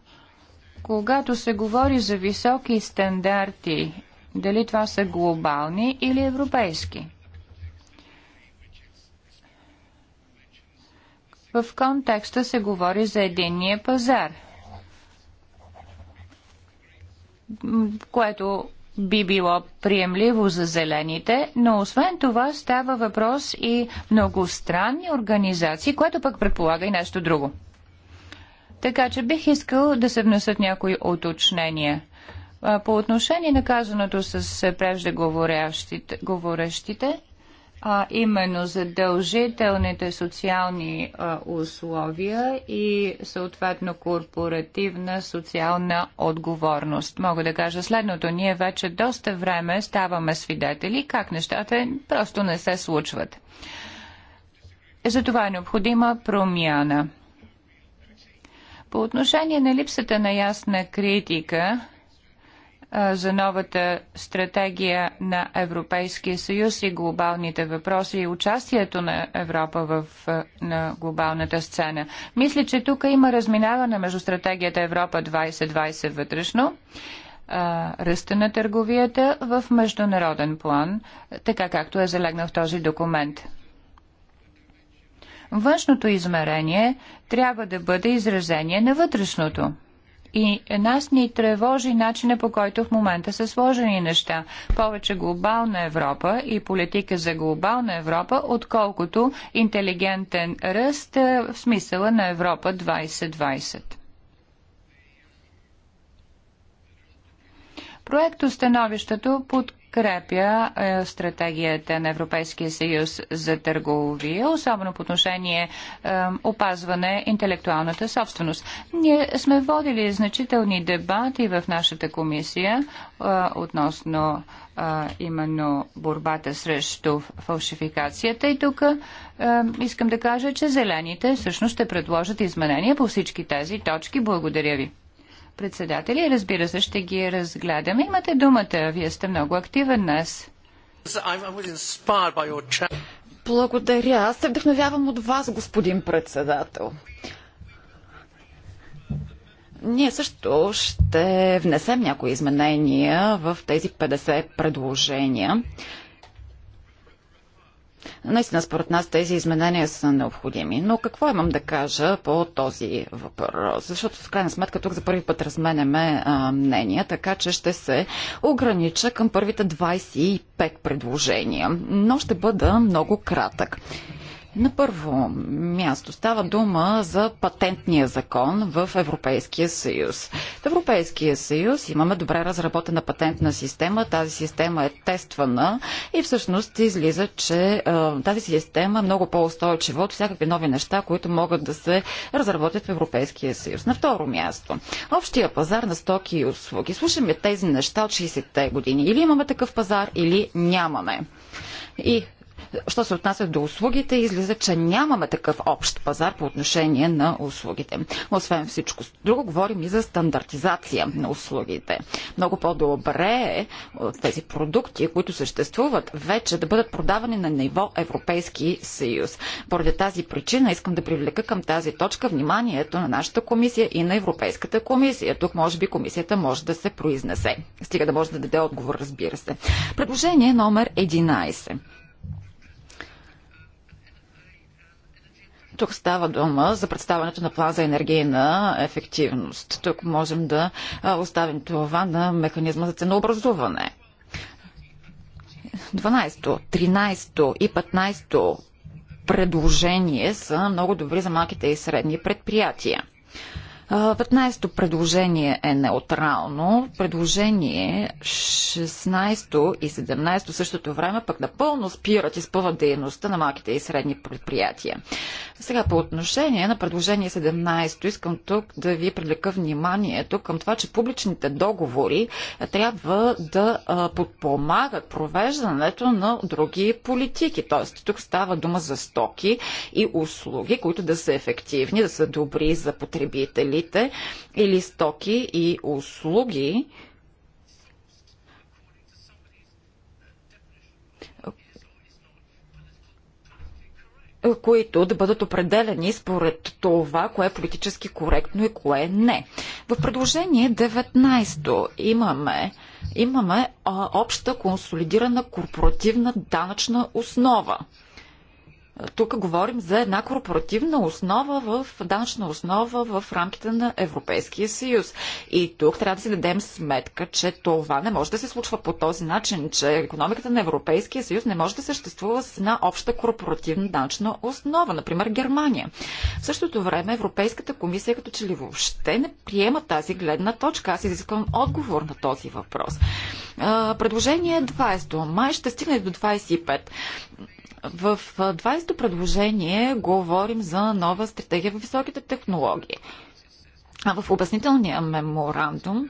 [SPEAKER 2] когато се говори за високи стандарти, дали това са глобални или европейски? В контекста се говори за единния пазар, което би било приемливо за зелените, но освен това става въпрос и многостранни организации, което пък предполага и нещо друго. Така че бих искал да се внесат някои уточнения. По отношение на казаното с преждеговорещите, а именно задължителните социални а, условия и съответно корпоративна социална отговорност. Мога да кажа следното. Ние вече доста време ставаме свидетели как нещата просто не се случват. Затова е необходима промяна. По отношение на липсата на ясна критика а, за новата стратегия на Европейския съюз и глобалните въпроси и участието на Европа в на глобалната сцена. Мисля, че тук има разминаване между стратегията Европа 2020 вътрешно ръста на търговията в международен план, така както е залегнал в този документ. Външното измерение трябва да бъде изражение на вътрешното. И нас ни тревожи начина по който в момента са сложени неща. Повече глобална Европа и политика за глобална Европа, отколкото интелигентен ръст е, в смисъла на Европа 2020. Проектостановището под подкрепя е, стратегията на Европейския съюз за търговия, особено по отношение е, опазване интелектуалната собственост. Ние сме водили значителни дебати в нашата комисия е, относно именно борбата срещу фалшификацията и тук искам да кажа, че зелените всъщност ще предложат изменения по всички тези точки. Благодаря ви председатели. разбира се ще ги разгледаме. Имате думата, вие сте много активен днес.
[SPEAKER 3] Благодаря. Аз се вдъхновявам от вас, господин председател. Ние също ще внесем някои изменения в тези 50 предложения. Наистина, според нас тези изменения са необходими. Но какво имам да кажа по този въпрос? Защото в крайна сметка тук за първи път разменяме а, мнения, така че ще се огранича към първите 25 предложения. Но ще бъда много кратък. На първо място става дума за патентния закон в Европейския съюз. В Европейския съюз имаме добре разработена патентна система. Тази система е тествана и всъщност излиза, че тази система е много по-устойчива от всякакви нови неща, които могат да се разработят в Европейския съюз. На второ място, общия пазар на стоки и услуги. Слушаме тези неща от 60-те години. Или имаме такъв пазар, или нямаме. И Що се отнася до услугите, излиза, че нямаме такъв общ пазар по отношение на услугите. Освен всичко друго, говорим и за стандартизация на услугите. Много по-добре е, е тези продукти, които съществуват, вече да бъдат продавани на ниво Европейски съюз. Поради тази причина искам да привлека към тази точка вниманието на нашата комисия и на Европейската комисия. Тук може би комисията може да се произнесе. Стига да може да даде отговор, разбира се. Предложение номер 11. Тук става дума за представането на план за енергийна ефективност. Тук можем да оставим това на механизма за ценообразуване. 12, 13 и 15 предложение са много добри за малките и средни предприятия. 15-то предложение е неутрално. Предложение 16-то и 17-то същото време пък напълно спират, спъват дейността на малките и средни предприятия. Сега по отношение на предложение 17-то искам тук да ви привлека вниманието към това, че публичните договори трябва да подпомагат провеждането на други политики. Тоест тук става дума за стоки и услуги, които да са ефективни, да са добри за потребители пазарите или стоки и услуги, които да бъдат определени според това, кое е политически коректно и кое не. В предложение 19 имаме, имаме а, обща консолидирана корпоративна данъчна основа тук говорим за една корпоративна основа в данъчна основа в рамките на Европейския съюз. И тук трябва да си дадем сметка, че това не може да се случва по този начин, че економиката на Европейския съюз не може да съществува с една обща корпоративна данъчна основа, например Германия. В същото време Европейската комисия като че ли въобще не приема тази гледна точка. Аз изисквам отговор на този въпрос. Предложение 20 май ще стигне до 25. В 20-то предложение говорим за нова стратегия в високите технологии. А в обяснителния меморандум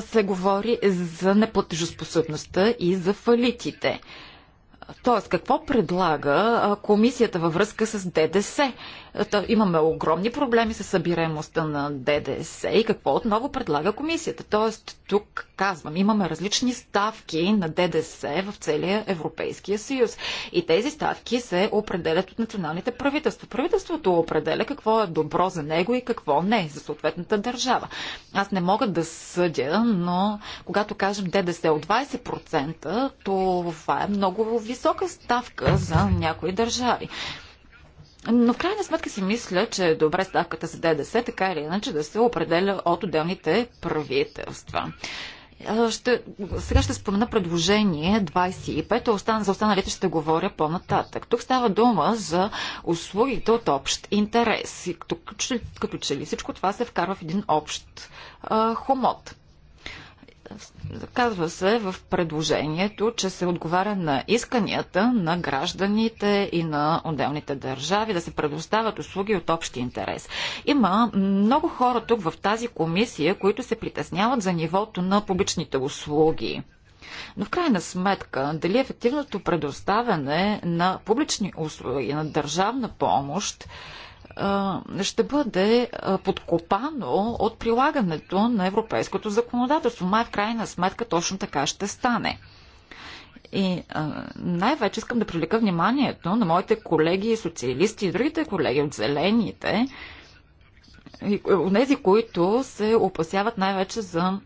[SPEAKER 3] се говори за неплатежоспособността и за фалитите. Тоест, какво предлага комисията във връзка с ДДС? имаме огромни проблеми с събираемостта на ДДС и какво отново предлага комисията. Тоест, тук казвам, имаме различни ставки на ДДС в целия Европейския съюз. И тези ставки се определят от националните правителства. Правителството определя какво е добро за него и какво не за съответната държава. Аз не мога да съдя, но когато кажем ДДС от 20%, това е много висока ставка за някои държави. Но в крайна сметка си мисля, че е добре ставката за ДДС така или иначе да се определя от отделните правителства. Ще, сега ще спомена предложение 25, остан, за останалите ще говоря по-нататък. Тук става дума за услугите от общ интерес. И тук, като че ли всичко това се вкарва в един общ а, хомот. Казва се в предложението, че се отговаря на исканията на гражданите и на отделните държави да се предоставят услуги от общи интерес. Има много хора тук в тази комисия, които се притесняват за нивото на публичните услуги. Но в крайна сметка, дали ефективното предоставяне на публични услуги, на държавна помощ ще бъде подкопано от прилагането на европейското законодателство. Май в крайна сметка точно така ще стане. И най-вече искам да привлека вниманието на моите колеги социалисти и другите колеги от зелените, от тези, които се опасяват най-вече за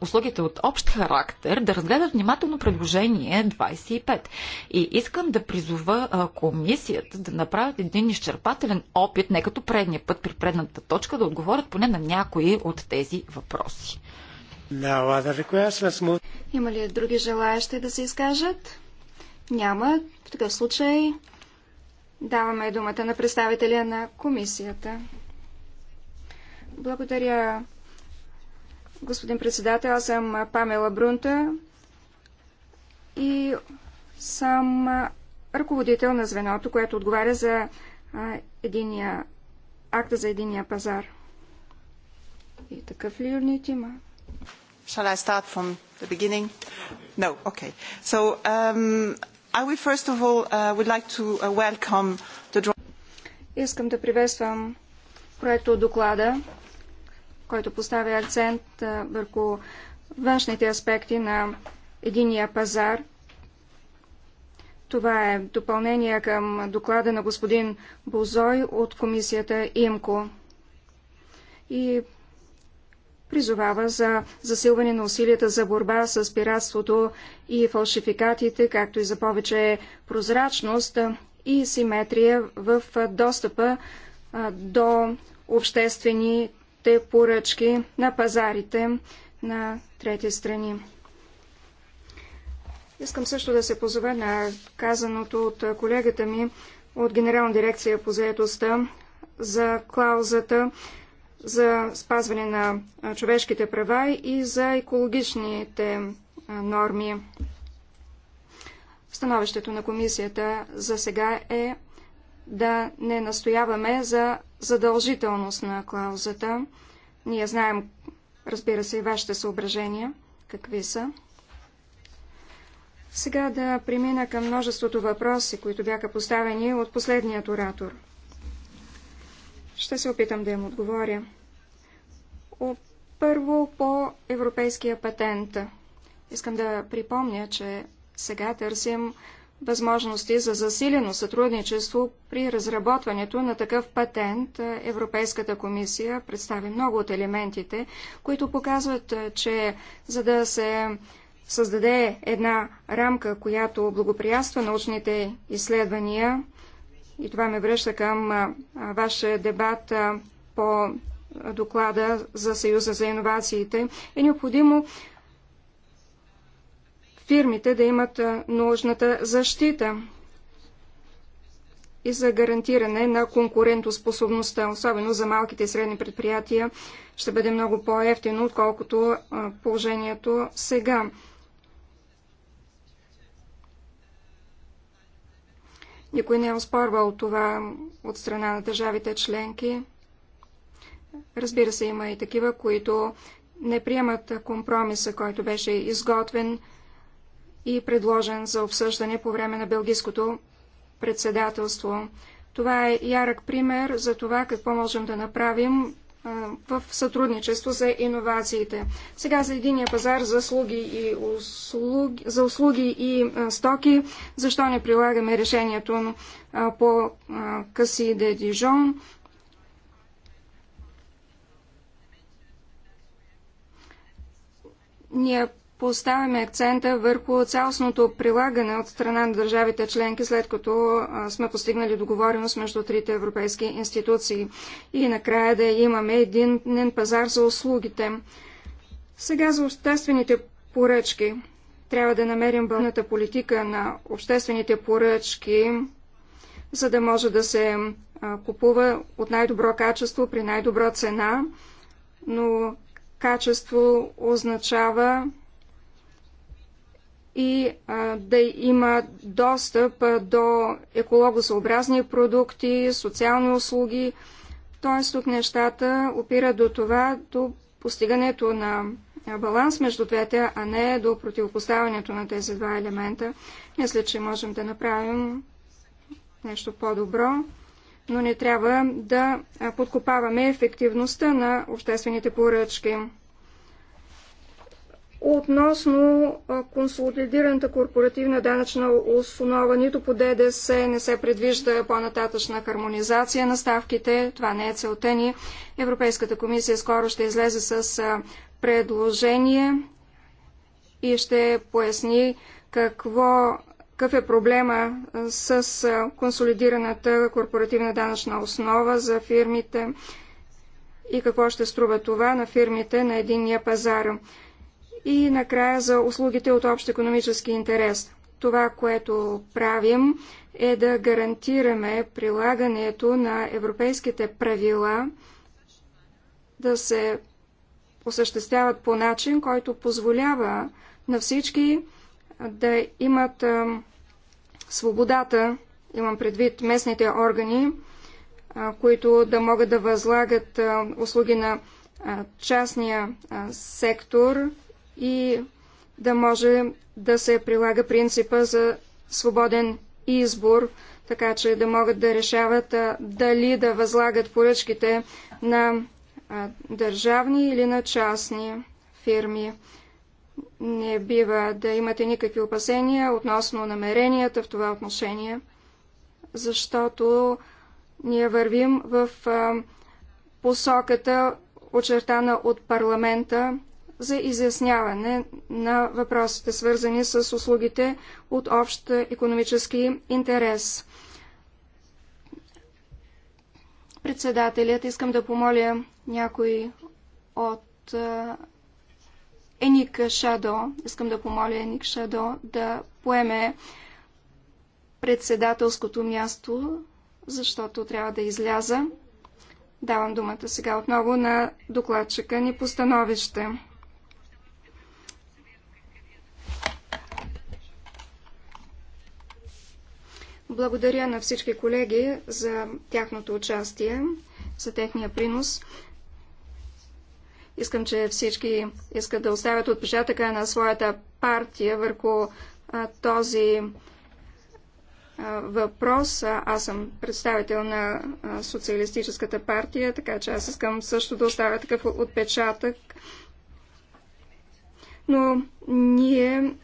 [SPEAKER 3] услугите от общ характер да разгледат внимателно предложение 25. И искам да призова комисията да направят един изчерпателен опит, не като предния път при предната точка, да отговорят поне на някои от тези въпроси.
[SPEAKER 1] Има ли други желаящи да се изкажат? Няма. В такъв случай даваме думата на представителя на комисията. Благодаря, Господин председател, аз съм Памела Брунта и съм ръководител на звеното, което отговаря за единия, акта за единия пазар. И такъв ли юнит има? Shall I start from the beginning? No, okay.
[SPEAKER 2] So um, I would first of all uh, would like to uh, welcome the
[SPEAKER 1] Искам да приветствам проекта от доклада който поставя акцент върху външните аспекти на единия пазар. Това е допълнение към доклада на господин Бозой от комисията ИМКО и призовава за засилване на усилията за борба с пиратството и фалшификатите, както и за повече прозрачност и симетрия в достъпа до обществени те поръчки на пазарите на трети страни. Искам също да се позова на казаното от колегата ми от Генерална дирекция по заедостта за клаузата за спазване на човешките права и за екологичните норми. Становището на комисията за сега е да не настояваме за задължителност на клаузата. Ние знаем, разбира се, и вашите съображения, какви са. Сега да премина към множеството въпроси, които бяха поставени от последният оратор. Ще се опитам да им отговоря. Първо по европейския патент. Искам да припомня, че сега търсим възможности за засилено сътрудничество при разработването на такъв патент. Европейската комисия представи много от елементите, които показват, че за да се създаде една рамка, която благоприятства научните изследвания, и това ме връща към вашия дебат по доклада за Съюза за иновациите, е необходимо фирмите да имат нужната защита и за гарантиране на конкурентоспособността, особено за малките и средни предприятия, ще бъде много по-ефтино, отколкото положението сега. Никой не е оспорвал това от страна на държавите членки. Разбира се, има и такива, които не приемат компромиса, който беше изготвен и предложен за обсъждане по време на Белгийското председателство. Това е ярък пример за това какво можем да направим в сътрудничество за иновациите. Сега за единия пазар за, услуги и услуги, за услуги и стоки, защо не прилагаме решението по къси де Дижон. Ние поставяме акцента върху цялостното прилагане от страна на държавите членки, след като сме постигнали договореност между трите европейски институции и накрая да имаме един пазар за услугите. Сега за обществените поръчки. Трябва да намерим бълната политика на обществените поръчки, за да може да се купува от най-добро качество при най-добра цена, но качество означава и а, да има достъп а, до екологосъобразни продукти, социални услуги. Т.е. тук нещата опират до това, до постигането на баланс между двете, а не до противопоставянето на тези два елемента. Мисля, че можем да направим нещо по-добро, но не трябва да подкопаваме ефективността на обществените поръчки. Относно консолидираната корпоративна данъчна основа, нито по ДДС не се предвижда по-нататъчна хармонизация на ставките. Това не е целта ни. Европейската комисия скоро ще излезе с предложение и ще поясни какво, какъв е проблема с консолидираната корпоративна данъчна основа за фирмите и какво ще струва това на фирмите на единния пазар. И накрая за услугите от общ економически интерес. Това, което правим, е да гарантираме прилагането на европейските правила да се осъществяват по начин, който позволява на всички да имат свободата, имам предвид местните органи, които да могат да възлагат услуги на частния сектор и да може да се прилага принципа за свободен избор, така че да могат да решават а, дали да възлагат поръчките на а, държавни или на частни фирми. Не бива да имате никакви опасения относно намеренията в това отношение, защото ние вървим в а, посоката, очертана от парламента за изясняване на въпросите, свързани с услугите от общ економически интерес. Председателят, искам да помоля някой от Еник Шадо, искам да помоля Еник Шадо да поеме председателското място, защото трябва да изляза. Давам думата сега отново на докладчика ни по становище. Благодаря на всички колеги за тяхното участие, за техния принос. Искам, че всички искат да оставят отпечатъка на своята партия върху а, този а, въпрос. Аз съм представител на а, Социалистическата партия, така че аз искам също да оставя такъв отпечатък но ние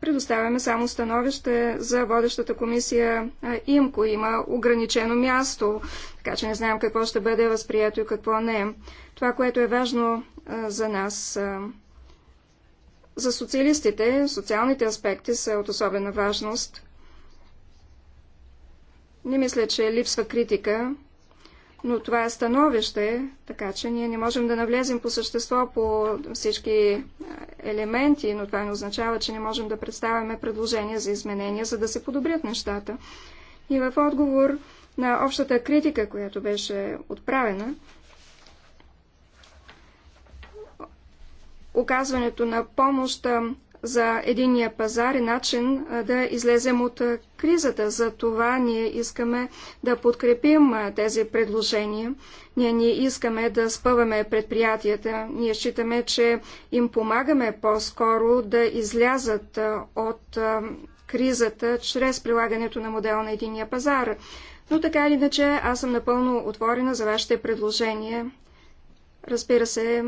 [SPEAKER 1] предоставяме само становище за водещата комисия ИМКО. Има ограничено място, така че не знаем какво ще бъде възприето и какво не. Това, което е важно за нас, за социалистите, социалните аспекти са от особена важност. Не мисля, че липсва критика но това е становище, така че ние не можем да навлезем по същество по всички е, елементи, но това не означава, че не можем да представяме предложения за изменения, за да се подобрят нещата. И в отговор на общата критика, която беше отправена, оказването на помощ за единния пазар и начин да излезем от кризата. За това ние искаме да подкрепим тези предложения. Ние не искаме да спъваме предприятията. Ние считаме, че им помагаме по-скоро да излязат от кризата чрез прилагането на модел на единия пазар. Но така или иначе, аз съм напълно отворена за вашите предложения. Разбира се,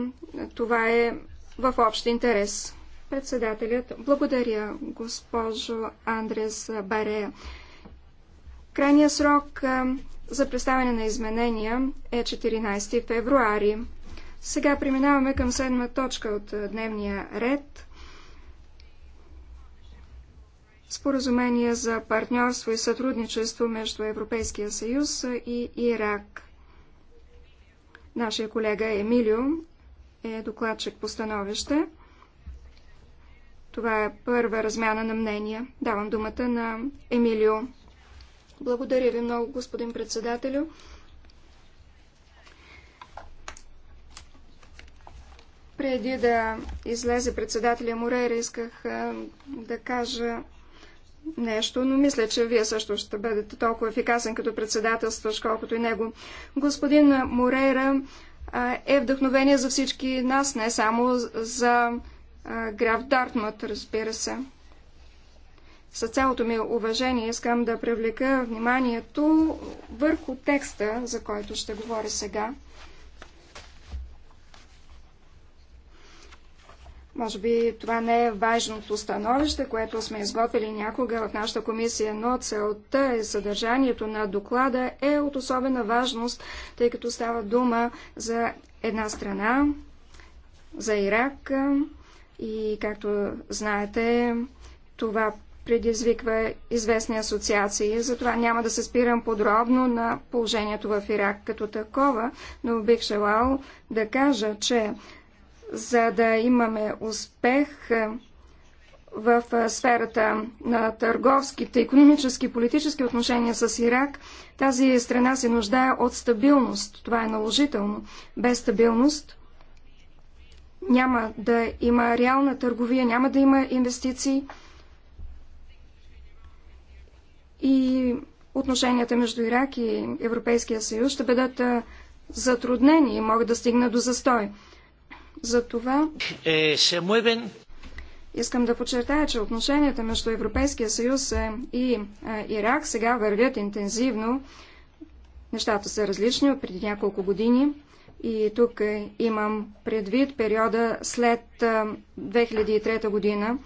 [SPEAKER 1] това е в общ интерес. Председателят, благодаря, госпожо Андрес Барея. Крайният срок за представяне на изменения е 14 февруари. Сега преминаваме към седма точка от дневния ред. Споразумение за партньорство и сътрудничество между Европейския съюз и Ирак. Нашия колега Емилио е докладчик по становище. Това е първа размяна на мнения. Давам думата на Емилио. Благодаря ви много, господин председателю. Преди да излезе председателя Морейра, исках да кажа нещо, но мисля, че вие също ще бъдете толкова ефикасен като председателстваш, колкото и него. Господин Морейра е вдъхновение за всички нас, не само за граф Дартмут, разбира се. С цялото ми уважение искам да привлека вниманието върху текста, за който ще говоря сега. Може би това не е важното становище, което сме изготвили някога в нашата комисия, но целта и съдържанието на доклада е от особена важност, тъй като става дума за една страна, за Ирак, и както знаете, това предизвиква известни асоциации. Затова няма да се спирам подробно на положението в Ирак като такова, но бих желал да кажа, че за да имаме успех в сферата на търговските, економически, политически отношения с Ирак, тази страна се нуждае от стабилност. Това е наложително. Без стабилност няма да има реална търговия, няма да има инвестиции и отношенията между Ирак и Европейския съюз ще бъдат затруднени и могат да стигнат до застой. Затова е, искам да подчертая, че отношенията между Европейския съюз и Ирак сега вървят интензивно. Нещата са различни от преди няколко години. И тук имам предвид периода след 2003 година.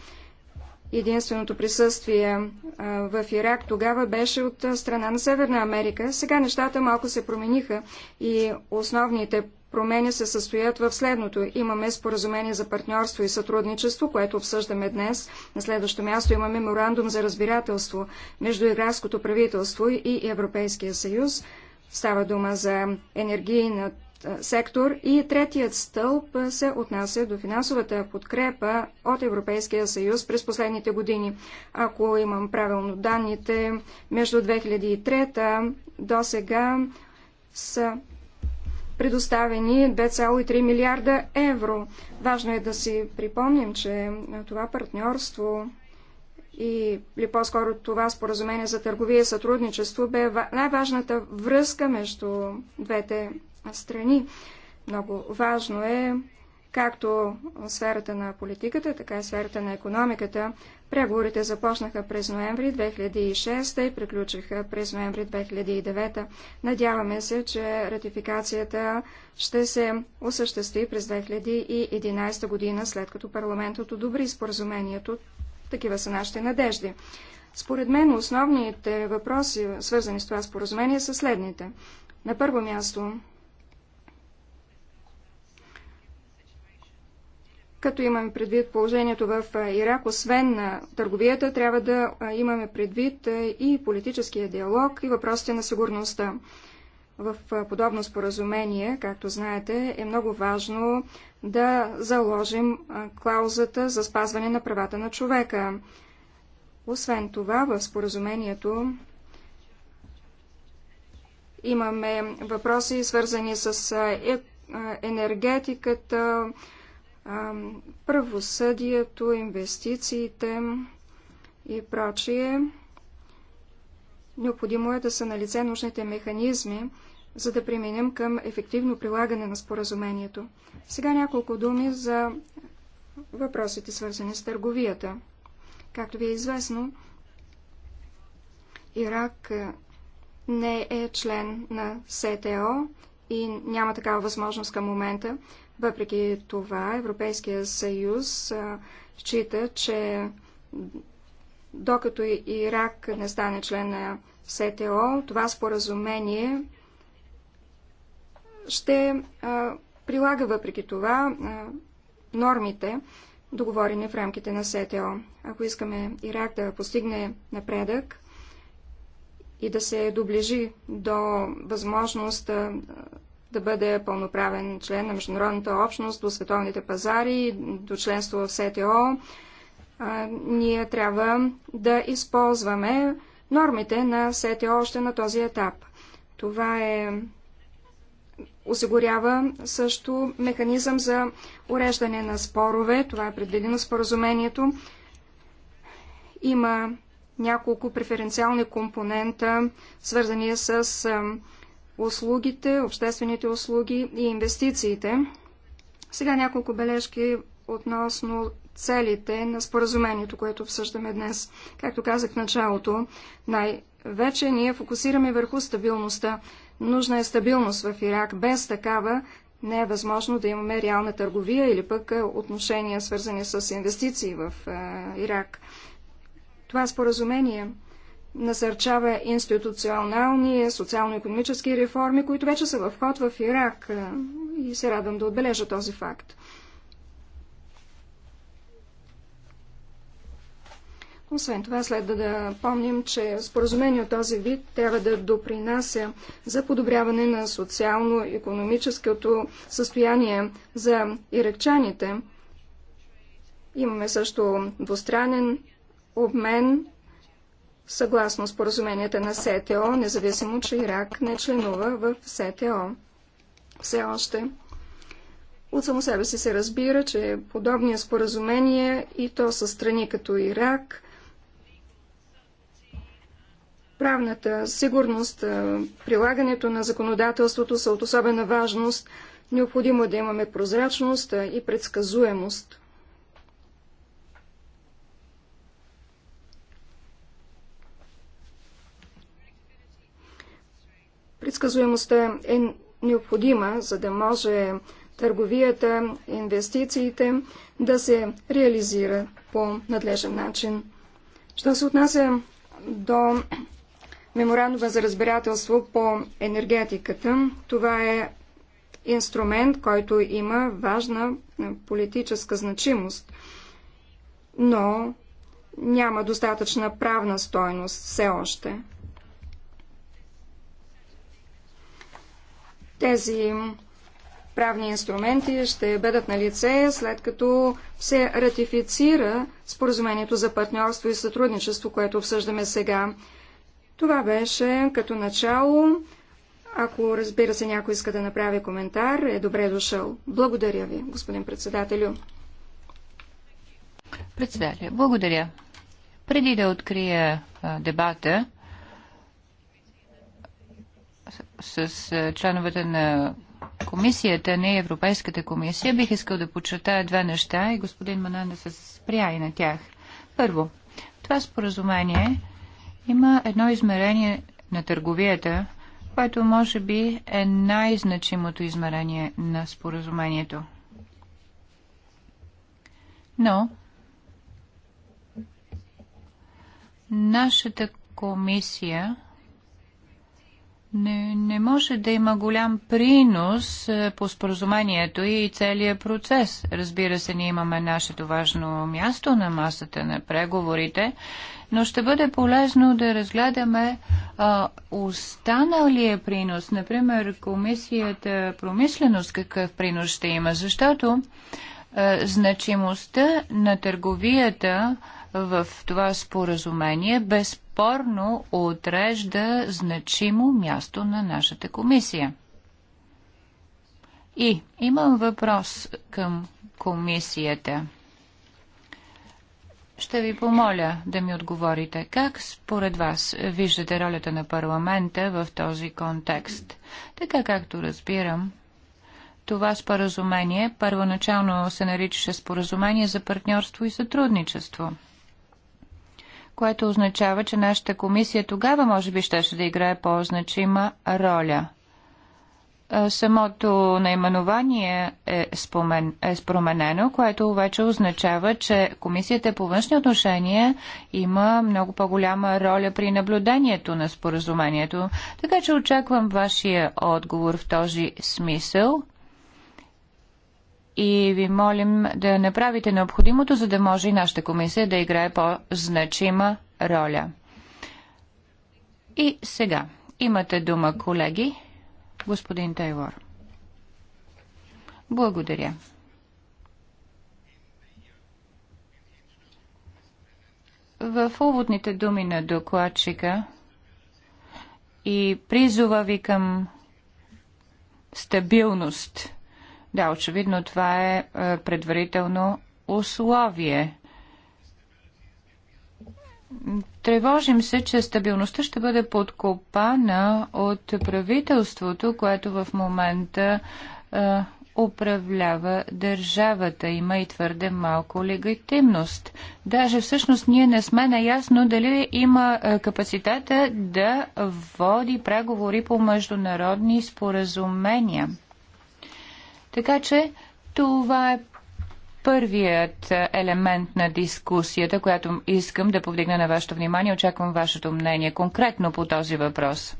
[SPEAKER 1] Единственото присъствие в Ирак тогава беше от страна на Северна Америка. Сега нещата малко се промениха и основните промени се състоят в следното. Имаме споразумение за партньорство и сътрудничество, което обсъждаме днес. На следващо място имаме меморандум за разбирателство между иракското правителство и Европейския съюз. Става дума за енергийната е, сектор. И третият стълб е, се отнася до финансовата подкрепа от Европейския съюз през последните години. Ако имам правилно данните, между 2003 до сега са предоставени 2,3 милиарда евро. Важно е да си припомним, че е, това партньорство и или по-скоро това споразумение за търговия и сътрудничество бе най-важната връзка между двете страни. Много важно е както сферата на политиката, така и сферата на економиката. Преговорите започнаха през ноември 2006 и приключиха през ноември 2009. Надяваме се, че ратификацията ще се осъществи през 2011 година, след като парламентът одобри споразумението. Такива са нашите надежди. Според мен основните въпроси, свързани с това споразумение, са следните. На първо място, Като имаме предвид положението в Ирак, освен на търговията, трябва да имаме предвид и политическия диалог и въпросите на сигурността. В подобно споразумение, както знаете, е много важно да заложим клаузата за спазване на правата на човека. Освен това, в споразумението имаме въпроси, свързани с е, енергетиката, правосъдието, инвестициите и прочие. Необходимо е да са налице нужните механизми, за да преминем към ефективно прилагане на споразумението. Сега няколко думи за въпросите, свързани с търговията. Както ви е известно, Ирак не е член на СТО и няма такава възможност към момента. Въпреки това, Европейския съюз счита, че докато Ирак не стане член на СТО, това споразумение ще прилага въпреки това нормите, договорени в рамките на СТО. Ако искаме Ирак да постигне напредък и да се доближи до възможност да бъде пълноправен член на международната общност до световните пазари, до членство в СТО, ние трябва да използваме нормите на СТО още на този етап. Това е осигурява също механизъм за уреждане на спорове. Това е предвидено споразумението. Има няколко преференциални компонента, свързани с услугите, обществените услуги и инвестициите. Сега няколко бележки относно целите на споразумението, което обсъждаме днес. Както казах в началото, най-вече ние фокусираме върху стабилността. Нужна е стабилност в Ирак. Без такава не е възможно да имаме реална търговия или пък е, отношения, свързани с инвестиции в е, Ирак. Това споразумение насърчава институционални, социално-економически реформи, които вече са в ход в Ирак е, и се радвам да отбележа този факт. Освен това, следва да, помним, че споразумение от този вид трябва да допринася за подобряване на социално-економическото състояние за иракчаните. Имаме също двустранен обмен съгласно споразуменията на СТО, независимо, че Ирак не членува в СТО. Все още. От само себе си се разбира, че подобни споразумения и то са страни като Ирак, правната сигурност, прилагането на законодателството са от особена важност. Необходимо е да имаме прозрачност и предсказуемост. Предсказуемостта е необходима, за да може търговията, инвестициите да се реализира по надлежен начин. Що се отнася до меморандума за разбирателство по енергетиката, това е инструмент, който има важна политическа значимост, но няма достатъчна правна стойност все още. Тези правни инструменти ще бъдат на лице, след като се ратифицира споразумението за партньорство и сътрудничество, което обсъждаме сега. Това беше като начало. Ако, разбира се, някой иска да направи коментар, е добре дошъл. Благодаря ви, господин председателю.
[SPEAKER 2] Председателя, благодаря. Преди да открия а, дебата, с е, членовете на комисията, не Европейската комисия, бих искал да подчертая две неща и господин Мананда се спря и на тях. Първо, това споразумение има едно измерение на търговията, което може би е най-значимото измерение на споразумението. Но нашата комисия не, не може да има голям принос е, по споразумението и целият процес. Разбира се, ние имаме нашето важно място на масата на преговорите, но ще бъде полезно да разгледаме а, е, останалия принос, например, комисията промисленост, какъв принос ще има, защото а, е, значимостта на търговията а, в това споразумение безспорно отрежда значимо място на нашата комисия. И имам въпрос към комисията. Ще ви помоля да ми отговорите как според вас виждате ролята на парламента в този контекст. Така както разбирам, това споразумение първоначално се наричаше споразумение за партньорство и сътрудничество – което означава, че нашата комисия тогава може би щеше да играе по-значима роля. Е, самото наименование е, спомен, е споменено, което вече означава, че Комисията по външни отношения има много по-голяма роля при наблюдението на споразумението. Така че очаквам вашия отговор в този смисъл и ви молим да направите необходимото, за да може и нашата комисия да играе по-значима роля. И сега имате дума, колеги. Господин Тайвор. Благодаря. В уводните думи на докладчика и призова ви към стабилност – да, очевидно това е, е предварително условие. Тревожим се, че стабилността ще бъде подкопана от правителството, което в момента е, управлява държавата. Има и твърде малко легитимност. Даже всъщност ние не сме наясно дали има е, капацитета да води преговори по международни споразумения. Така че това е първият елемент на дискусията, която искам да повдигна на вашето внимание. Очаквам вашето мнение конкретно по този въпрос.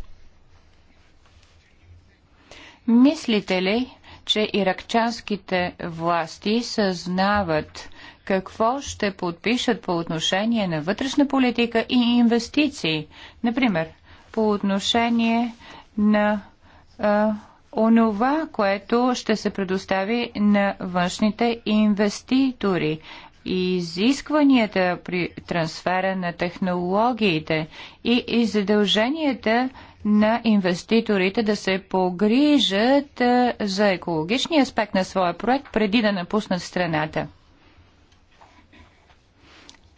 [SPEAKER 2] Мислите ли, че иракчанските власти съзнават какво ще подпишат по отношение на вътрешна политика и инвестиции? Например, по отношение на а, онова, което ще се предостави на външните инвеститори изискванията при трансфера на технологиите и, и задълженията на инвеститорите да се погрижат за екологичния аспект на своя проект преди да напуснат страната.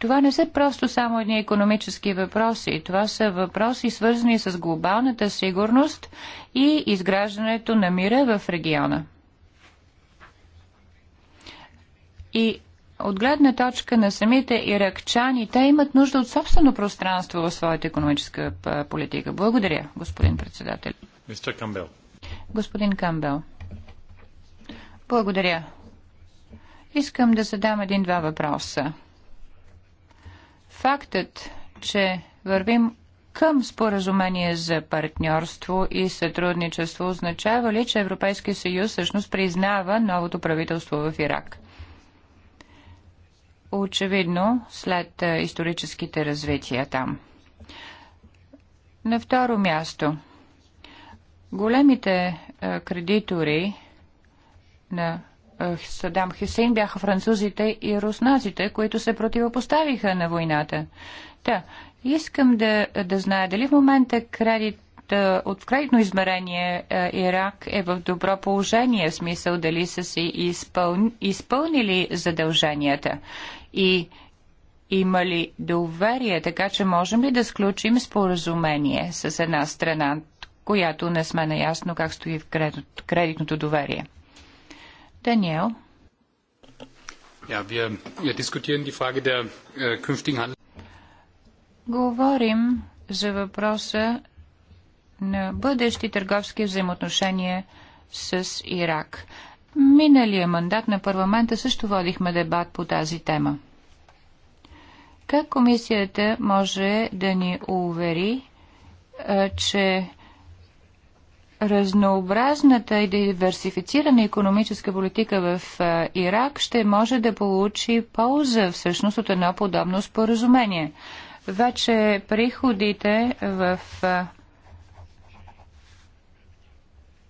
[SPEAKER 2] Това не са просто само едни економически въпроси. Това са въпроси свързани с глобалната сигурност и изграждането на мира в региона. И от гледна точка на самите иракчани, те имат нужда от собствено пространство в своята економическа политика. Благодаря, господин председател. Мистер Камбел. Господин Камбел. Благодаря. Искам да задам един-два въпроса. Фактът, че вървим към споразумение за партньорство и сътрудничество означава ли, че Европейския съюз всъщност признава новото правителство в Ирак? Очевидно, след историческите развития там. На второ място, големите кредитори на Садам Хесейн бяха французите и руснаците, които се противопоставиха на войната. Да, искам да, да зная дали в момента кредит от кредитно измерение Ирак е в добро положение, в смисъл дали са си изпълни, изпълнили задълженията и има ли доверие, така че можем ли да сключим споразумение с една страна, която не сме наясно как стои в кредит, кредитното доверие. Даниел. Ja, wir, wir diskutieren die Frage der äh, künftigen Handel. Говорим за въпроса на бъдещи търговски взаимоотношения с Ирак. Миналия мандат на парламента също водихме дебат по тази тема. Как комисията може да ни увери, че разнообразната и диверсифицирана економическа политика в Ирак ще може да получи полза всъщност от едно подобно споразумение. Вече приходите в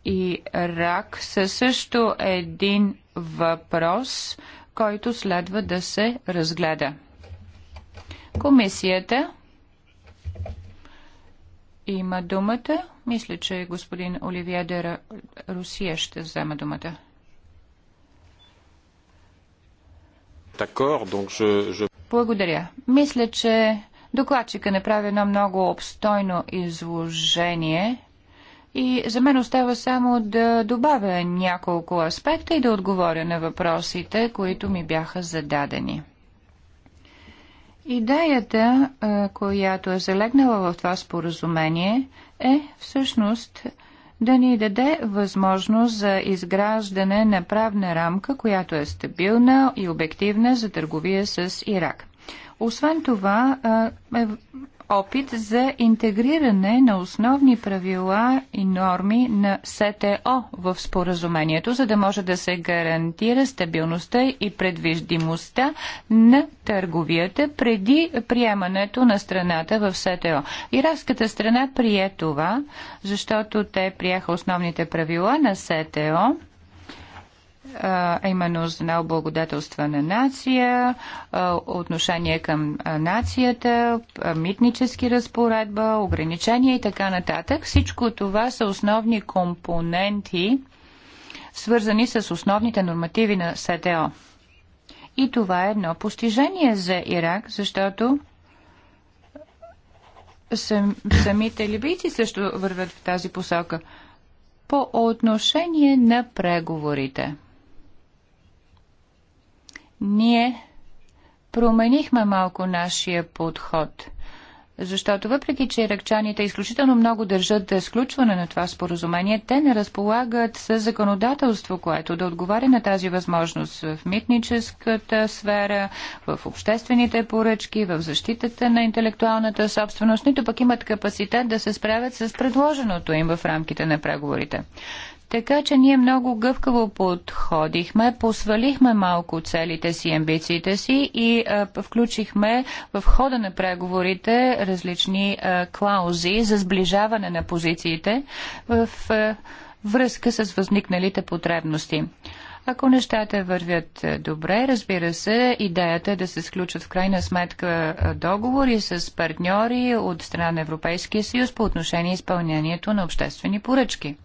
[SPEAKER 2] Ирак са също един въпрос, който следва да се разгледа. Комисията има думата. Мисля, че господин Оливия дера Русия ще взема думата. Благодаря. Мисля, че докладчика направи едно много обстойно изложение и за мен остава само да добавя няколко аспекта и да отговоря на въпросите, които ми бяха зададени. Идеята, която е залегнала в това споразумение, е всъщност да ни даде възможност за изграждане на правна рамка, която е стабилна и обективна за търговия с Ирак. Освен това, е, опит за интегриране на основни правила и норми на СТО в споразумението, за да може да се гарантира стабилността и предвиждимостта на търговията преди приемането на страната в СТО. Иракската страна прие това, защото те приеха основните правила на СТО а именно за една на нация, отношение към нацията, митнически разпоредба, ограничения и така нататък. Всичко това са основни компоненти, свързани с основните нормативи на СТО. И това е едно постижение за Ирак, защото сам, самите либийци също вървят в тази посока. По отношение на преговорите – ние променихме малко нашия подход. Защото въпреки, че иракчаните изключително много държат да сключване на това споразумение, те не разполагат с законодателство, което да отговаря на тази възможност в митническата сфера, в обществените поръчки, в защитата на интелектуалната собственост, нито пък имат капацитет да се справят с предложеното им в рамките на преговорите. Така че ние много гъвкаво подходихме, посвалихме малко целите си, амбициите си и а, включихме в хода на преговорите различни а, клаузи за сближаване на позициите в а, връзка с възникналите потребности. Ако нещата вървят добре, разбира се, идеята е да се сключат в крайна сметка договори с партньори от страна на Европейския съюз по отношение изпълнението на обществени поръчки.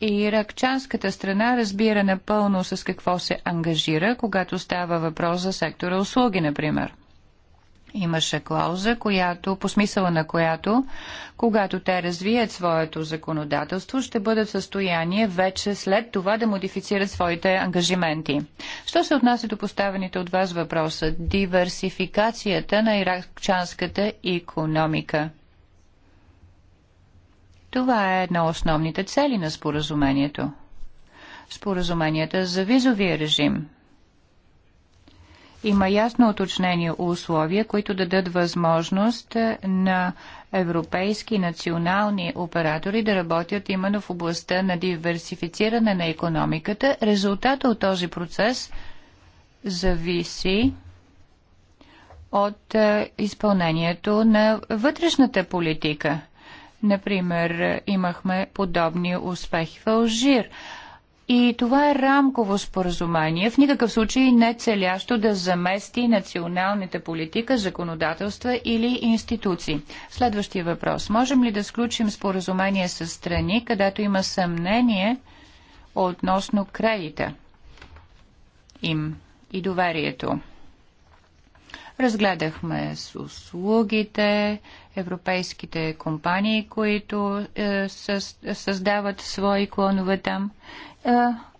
[SPEAKER 2] И иракчанската страна разбира напълно с какво се ангажира, когато става въпрос за сектора услуги, например. Имаше клауза, която, по смисъла на която, когато те развият своето законодателство, ще бъдат в състояние вече след това да модифицират своите ангажименти. Що се отнася до поставените от вас въпроса? Диверсификацията на иракчанската економика – това е една от основните цели на споразумението. Споразуменията за визовия режим. Има ясно уточнение условия, които дадат възможност е, на европейски национални оператори да работят именно в областта на диверсифициране на економиката. Резултата от този процес зависи от е, изпълнението на вътрешната политика – Например, имахме подобни успехи в Алжир. И това е рамково споразумение, в никакъв случай не целящо да замести националните политика, законодателства или институции. Следващия въпрос. Можем ли да сключим споразумение с страни, където има съмнение относно кредита им и доверието? Разгледахме с услугите, европейските компании, които е, със, създават свои клонове там. Е,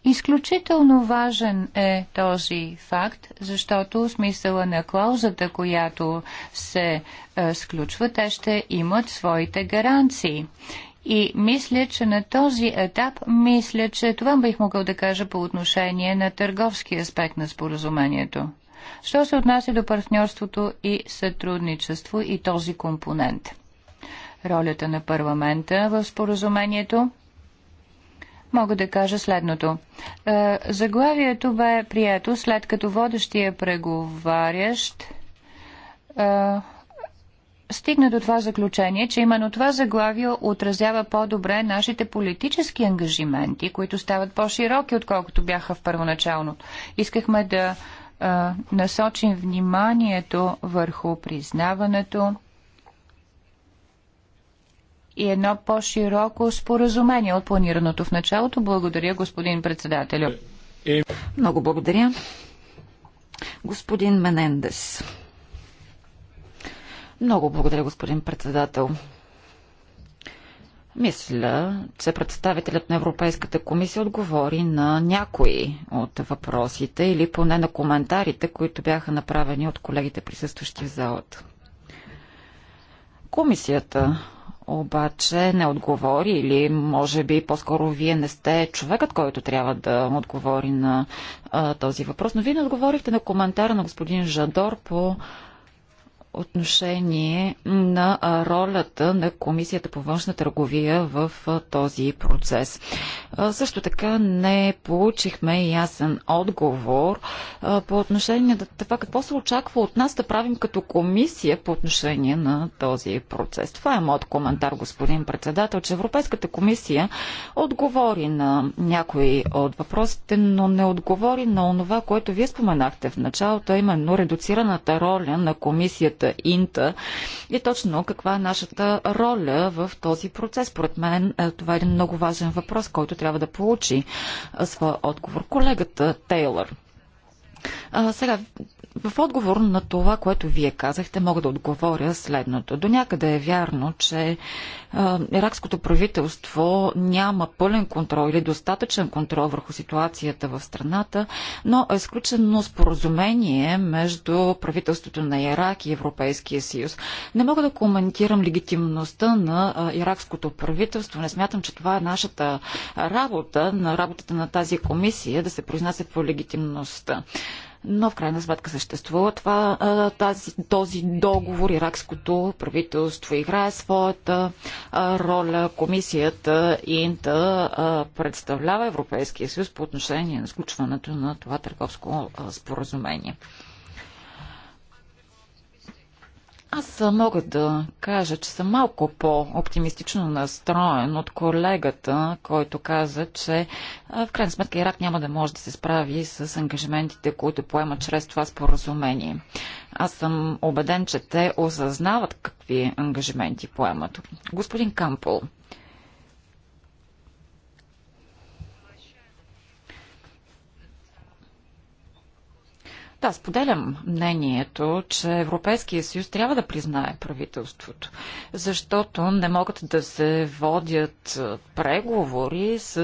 [SPEAKER 2] изключително важен е този факт, защото смисъла на клаузата, която се е, сключва, те ще имат своите гаранции. И мисля, че на този етап, мисля, че това бих могъл да кажа по отношение на търговски аспект на споразумението. Що се отнася до партньорството и сътрудничество и този компонент? Ролята на парламента в споразумението мога да кажа следното. Е, заглавието бе прието след като водещия преговарящ е, стигна до това заключение, че именно това заглавие отразява по-добре нашите политически ангажименти, които стават по-широки, отколкото бяха в първоначално. Искахме да а, насочим вниманието върху признаването и едно по-широко споразумение от планираното в началото. Благодаря, господин председателю. Е, е. Много благодаря.
[SPEAKER 3] Господин Менендес. Много благодаря, господин председател. Мисля, че представителят на Европейската комисия отговори на някои от въпросите или поне на коментарите, които бяха направени от колегите присъстващи в залата. Комисията обаче не отговори или може би по-скоро вие не сте човекът, който трябва да отговори на а, този въпрос. Но вие не отговорихте на коментара на господин Жадор по отношение на ролята на Комисията по външна търговия в този процес. Също така не получихме ясен отговор по отношение на това какво се очаква от нас да правим като комисия по отношение на този процес. Това е моят коментар, господин председател, че Европейската комисия отговори на някои от въпросите, но не отговори на онова, което вие споменахте в началото, а именно редуцираната роля на комисията комисията Инта и е точно каква е нашата роля в този процес. Поред мен е, това е един много важен въпрос, който трябва да получи своя отговор колегата Тейлър. А, сега, в отговор на това, което вие казахте, мога да отговоря следното. До някъде е вярно, че иракското правителство няма пълен контрол или достатъчен контрол върху ситуацията в страната, но е сключено споразумение между правителството на Ирак и Европейския съюз. Не мога да коментирам легитимността на иракското правителство. Не смятам, че това е нашата работа, на работата на тази комисия да се произнася по легитимността. Но в крайна сметка съществува това, тази, този договор. Иракското правителство играе своята роля. Комисията Инта представлява Европейския съюз по отношение на сключването на това търговско споразумение. Аз мога да кажа, че съм малко по-оптимистично настроен от колегата, който каза, че в крайна сметка Ирак няма да може да се справи с ангажиментите, които поема чрез това споразумение. Аз съм убеден, че те осъзнават какви ангажименти поемат. Господин Кампол, Да, споделям мнението, че Европейския съюз трябва да признае правителството, защото не могат да се водят е, преговори с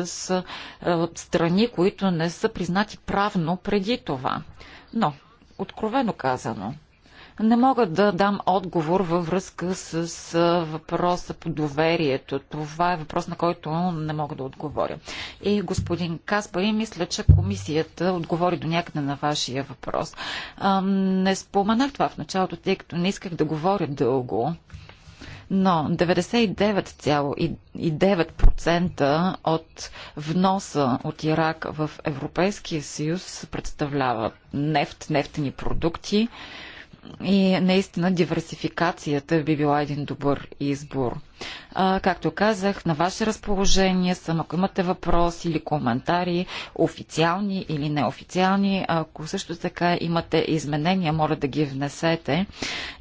[SPEAKER 3] е, страни, които не са признати правно преди това. Но, откровено казано, не мога да дам отговор във връзка с, с въпроса по доверието. Това е въпрос, на който не мога да отговоря. И господин Каспари, мисля, че комисията отговори до някъде на вашия въпрос. А, не споменах това в началото, тъй като не исках да говоря дълго. Но 99,9% от вноса от Ирак в Европейския съюз представлява нефт, нефтени продукти. И наистина диверсификацията би била един добър избор. А, както казах, на ваше разположение съм, ако имате въпроси или коментари, официални или неофициални, ако също така имате изменения, моля да ги внесете.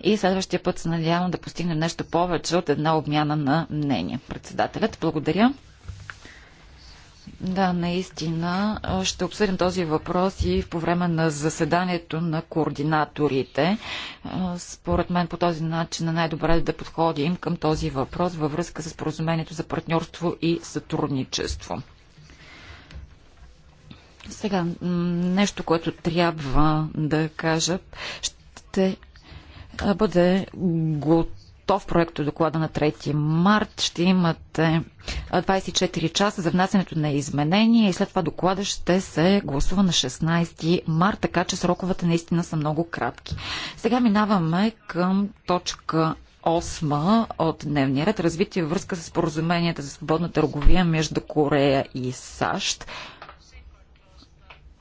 [SPEAKER 3] И следващия път се надявам да постигнем нещо повече от една обмяна на мнение. Председателят, благодаря. Да, наистина. Ще обсъдим този въпрос и по време на заседанието на координаторите. Според мен по този начин е най-добре да подходим към този въпрос във връзка с поразумението за партньорство и сътрудничество. Сега, нещо, което трябва да кажа, ще бъде готово готов проект от доклада на 3 март. Ще имате 24 часа за внасянето на изменения и след това доклада ще се гласува на 16 март, така че сроковете наистина са много кратки. Сега минаваме към точка 8 от дневния ред. Развитие във връзка с поразуменията за свободна търговия между Корея и САЩ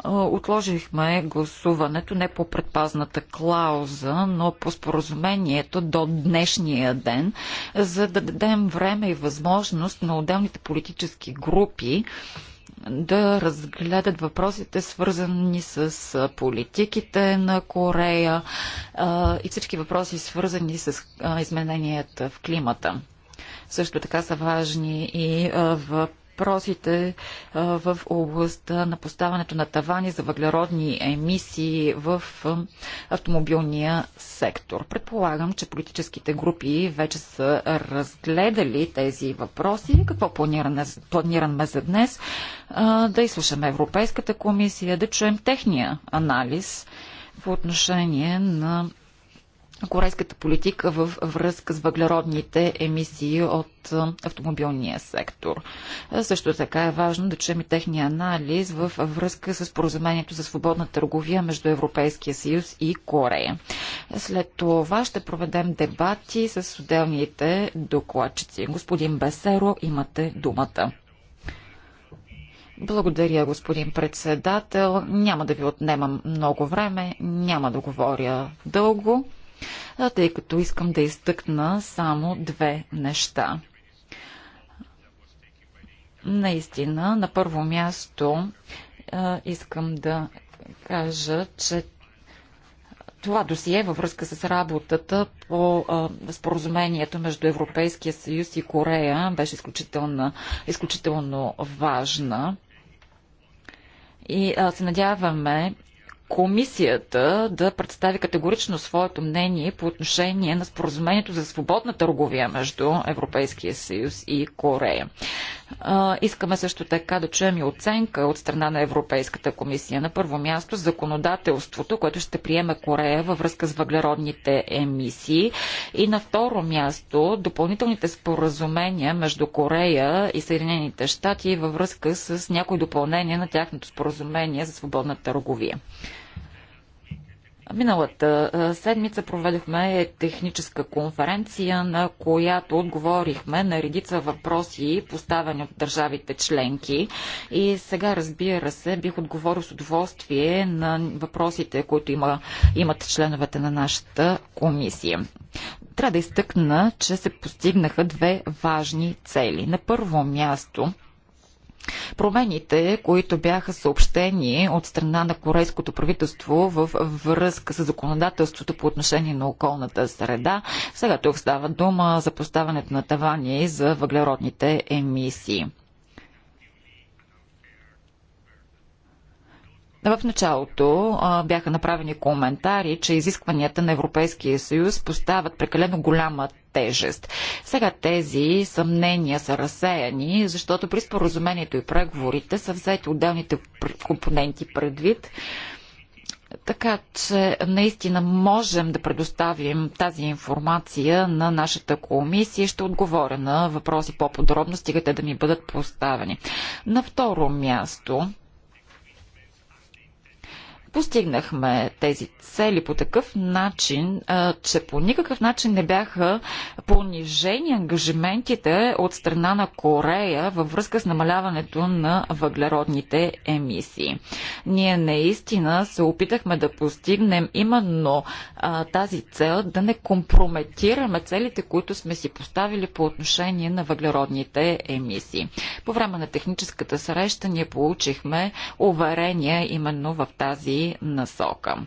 [SPEAKER 3] отложихме гласуването не по предпазната клауза, но по споразумението до днешния ден, за да дадем време и възможност на отделните политически групи да разгледат въпросите, свързани с политиките на Корея и всички въпроси, свързани с измененията в климата. Също така са важни и въпросите в областта на поставането на тавани за въглеродни емисии в автомобилния сектор. Предполагам, че политическите групи вече са разгледали тези въпроси. Какво планираме, за днес? Да изслушаме Европейската комисия, да чуем техния анализ по отношение на корейската политика във връзка с въглеродните емисии от автомобилния сектор. Също така е важно да чуем и техния анализ във връзка с поразумението за свободна търговия между Европейския съюз и Корея. След това ще проведем дебати с отделните докладчици. Господин Бесеро, имате думата. Благодаря, господин председател. Няма да ви отнемам много време, няма да говоря дълго тъй като искам да изтъкна само две неща. Наистина, на първо място искам да кажа, че това досие е във връзка с работата по а, споразумението между Европейския съюз и Корея беше изключително, изключително важна. И а, се надяваме комисията да представи категорично своето мнение по отношение на споразумението за свободна търговия между Европейския съюз и Корея. Искаме също така да чуем и оценка от страна на Европейската комисия. На първо място законодателството, което ще приеме Корея във връзка с въглеродните емисии. И на второ място допълнителните споразумения между Корея и Съединените щати във връзка с някои допълнения на тяхното споразумение за свободна търговия. Миналата седмица проведохме техническа конференция, на която отговорихме на редица въпроси, поставени от държавите членки. И сега, разбира се, бих отговорил с удоволствие на въпросите, които има, имат членовете на нашата комисия. Трябва да изтъкна, че се постигнаха две важни цели. На първо място Промените, които бяха съобщени от страна на корейското правителство в връзка с законодателството по отношение на околната среда, сега тук става дума за поставянето на тавани за въглеродните емисии. В началото а, бяха направени коментари, че изискванията на Европейския съюз поставят прекалено голяма тежест. Сега тези съмнения са разсеяни, защото при споразумението и преговорите са взети отделните компоненти предвид. Така че наистина можем да предоставим тази информация на нашата комисия. Ще отговоря на въпроси по-подробно, стигате да ми бъдат поставени. На второ място Постигнахме тези цели по такъв начин, че по никакъв начин не бяха понижени ангажиментите от страна на Корея във връзка с намаляването на въглеродните емисии. Ние наистина се опитахме да постигнем именно тази цел, да не компрометираме целите, които сме си поставили по отношение на въглеродните емисии. По време на техническата среща ние получихме уверения именно в тази насока.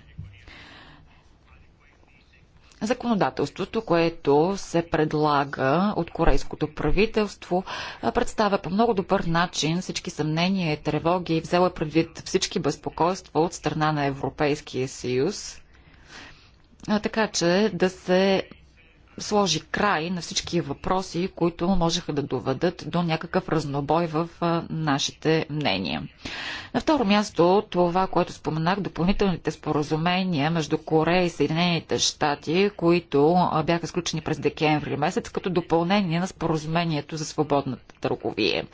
[SPEAKER 3] Законодателството, което се предлага от корейското правителство, представя по много добър начин всички съмнения и тревоги и взела предвид всички безпокойства от страна на Европейския съюз, така че да се сложи край на всички въпроси, които можеха да доведат до някакъв разнобой в нашите мнения. На второ място, това, което споменах, допълнителните споразумения между Корея и Съединените щати, които бяха сключени през декември месец, като допълнение на споразумението за свободната търговия.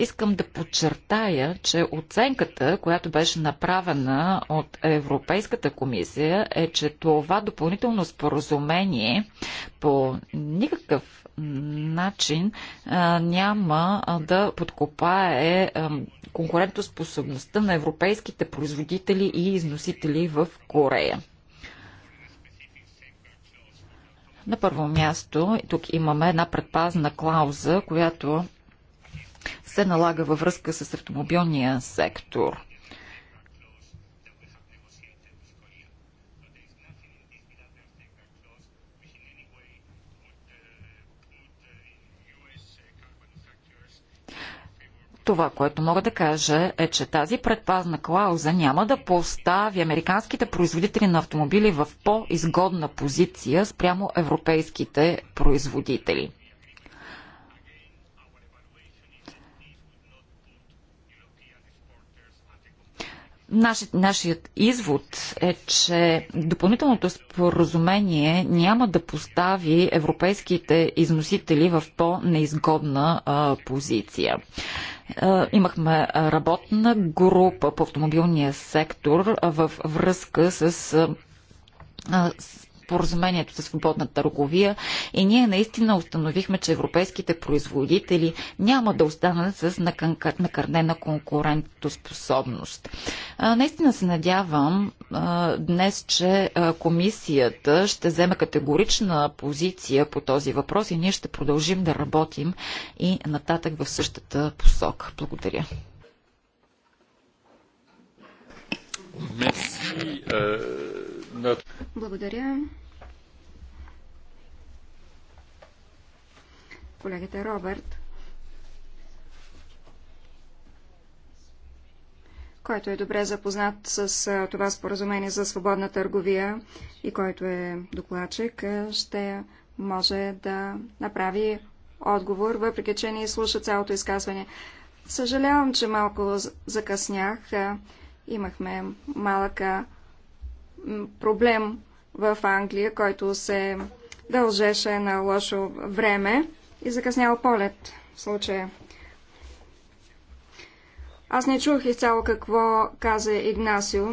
[SPEAKER 3] Искам да подчертая, че оценката, която беше направена от Европейската комисия, е, че това допълнително споразумение по никакъв начин а, няма да подкопае а, конкурентоспособността на европейските производители и износители в Корея. На първо място, тук имаме една предпазна клауза, която се налага във връзка с автомобилния сектор. Това, което мога да кажа е, че тази предпазна клауза няма да постави американските производители на автомобили в по-изгодна позиция спрямо европейските производители. Нашият, нашият извод е, че допълнителното споразумение няма да постави европейските износители в по-неизгодна позиция. А, имахме работна група по автомобилния сектор а, в връзка с, а, с споразумението за свободна търговия и ние наистина установихме, че европейските производители няма да останат с накърнена конкурентоспособност. Наистина се надявам днес, че комисията ще вземе категорична позиция по този въпрос и ние ще продължим да работим и нататък в същата посока. Благодаря. Merci. Euh,
[SPEAKER 1] благодаря. Колегата Робърт, който е добре запознат с това споразумение за свободна търговия и който е докладчик, ще може да направи отговор, въпреки че не слуша цялото изказване. Съжалявам, че малко закъснях. Имахме малка проблем в Англия, който се дължеше на лошо време и закъснял полет в случая. Аз не чух изцяло какво каза Игнасио,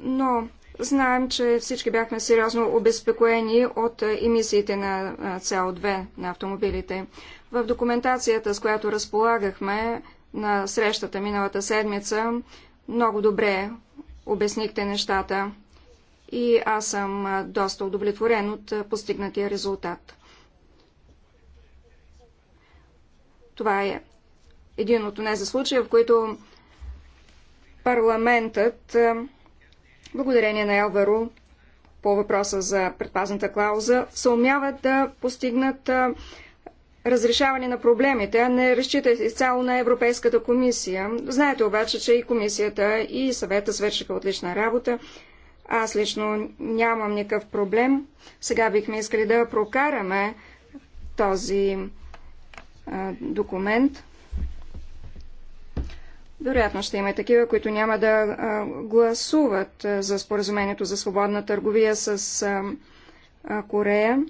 [SPEAKER 1] но знаем, че всички бяхме сериозно обезпекоени от емисиите на CO2 на автомобилите. В документацията, с която разполагахме на срещата миналата седмица, много добре обяснихте нещата и аз съм доста удовлетворен от постигнатия резултат. Това е един от тези случаи, в които парламентът, благодарение на Елвару по въпроса за предпазната клауза, съумяват да постигнат разрешаване на проблемите, а не разчита изцяло на Европейската комисия. Знаете обаче, че и комисията, и съвета свършиха отлична работа. Аз лично нямам никакъв проблем. Сега бихме искали да прокараме този а, документ. Вероятно ще има и такива, които няма да а, гласуват а, за споразумението за свободна търговия с а, а, Корея.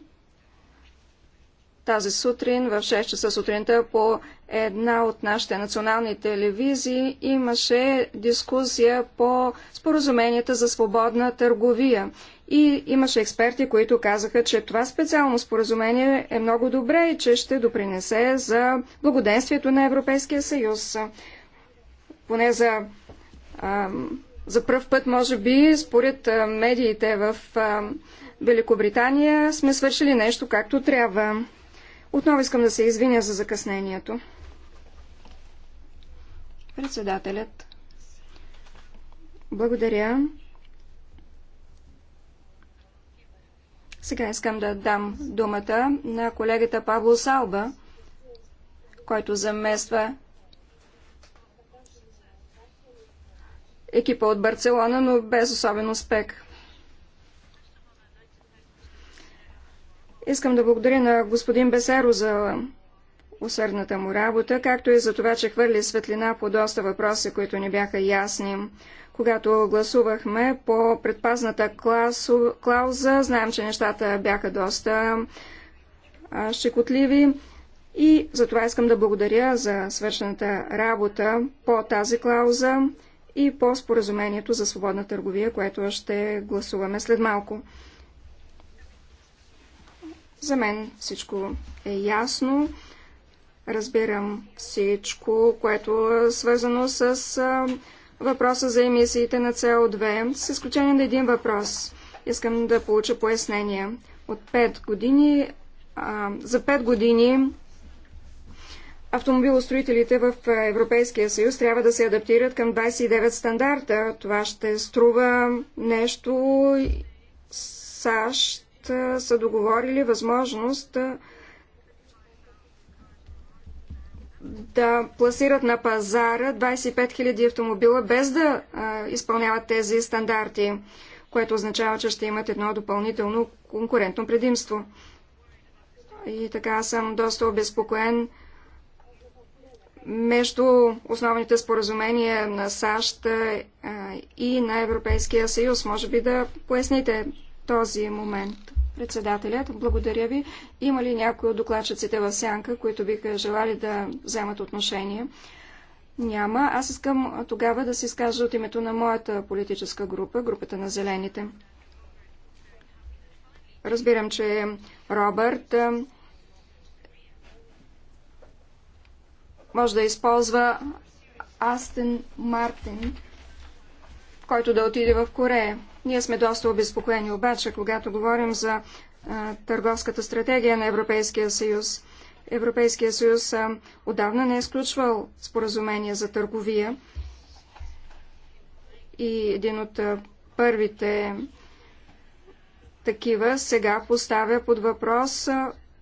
[SPEAKER 1] Тази сутрин в 6 часа сутринта по една от нашите национални телевизии имаше дискусия по споразуменията за свободна търговия. И имаше експерти, които казаха, че това специално споразумение е много добре и че ще допринесе за благоденствието на Европейския съюз. Поне за, ам, за пръв път, може би, според медиите в ам, Великобритания сме свършили нещо както трябва. Отново искам да се извиня за закъснението. Председателят. Благодаря. Сега искам да дам думата на колегата Павло Салба, който замества екипа от Барселона, но без особен успех. Искам да благодаря на господин Бесеро за усърдната му работа, както и за това, че хвърли светлина по доста въпроси, които не бяха ясни. Когато гласувахме по предпазната класу... клауза, знаем, че нещата бяха доста а, щекотливи и затова искам да благодаря за свършената работа по тази клауза и по споразумението за свободна търговия, което ще гласуваме след малко. За мен всичко е ясно. Разбирам всичко, което е свързано с въпроса за емисиите на CO2, с изключение на един въпрос. Искам да получа пояснение. От 5 години, а, за 5 години автомобилостроителите в Европейския съюз трябва да се адаптират към 29 стандарта. Това ще струва нещо САЩ са договорили възможност да пласират на пазара 25 000 автомобила без да изпълняват тези стандарти, което означава, че ще имат едно допълнително конкурентно предимство. И така съм доста обезпокоен между основните споразумения на САЩ и на Европейския съюз. Може би да поясните този момент. Председателят, благодаря ви. Има ли някои от докладчиците в сянка, които биха желали да вземат отношение? Няма. Аз искам тогава да се изкажа от името на моята политическа група, групата на зелените. Разбирам, че Робърт може да използва Астен Мартин, който да отиде в Корея. Ние сме доста обезпокоени обаче, когато говорим за а, търговската стратегия на Европейския съюз. Европейския съюз а, отдавна не е изключвал споразумение за търговия и един от а, първите такива сега поставя под въпрос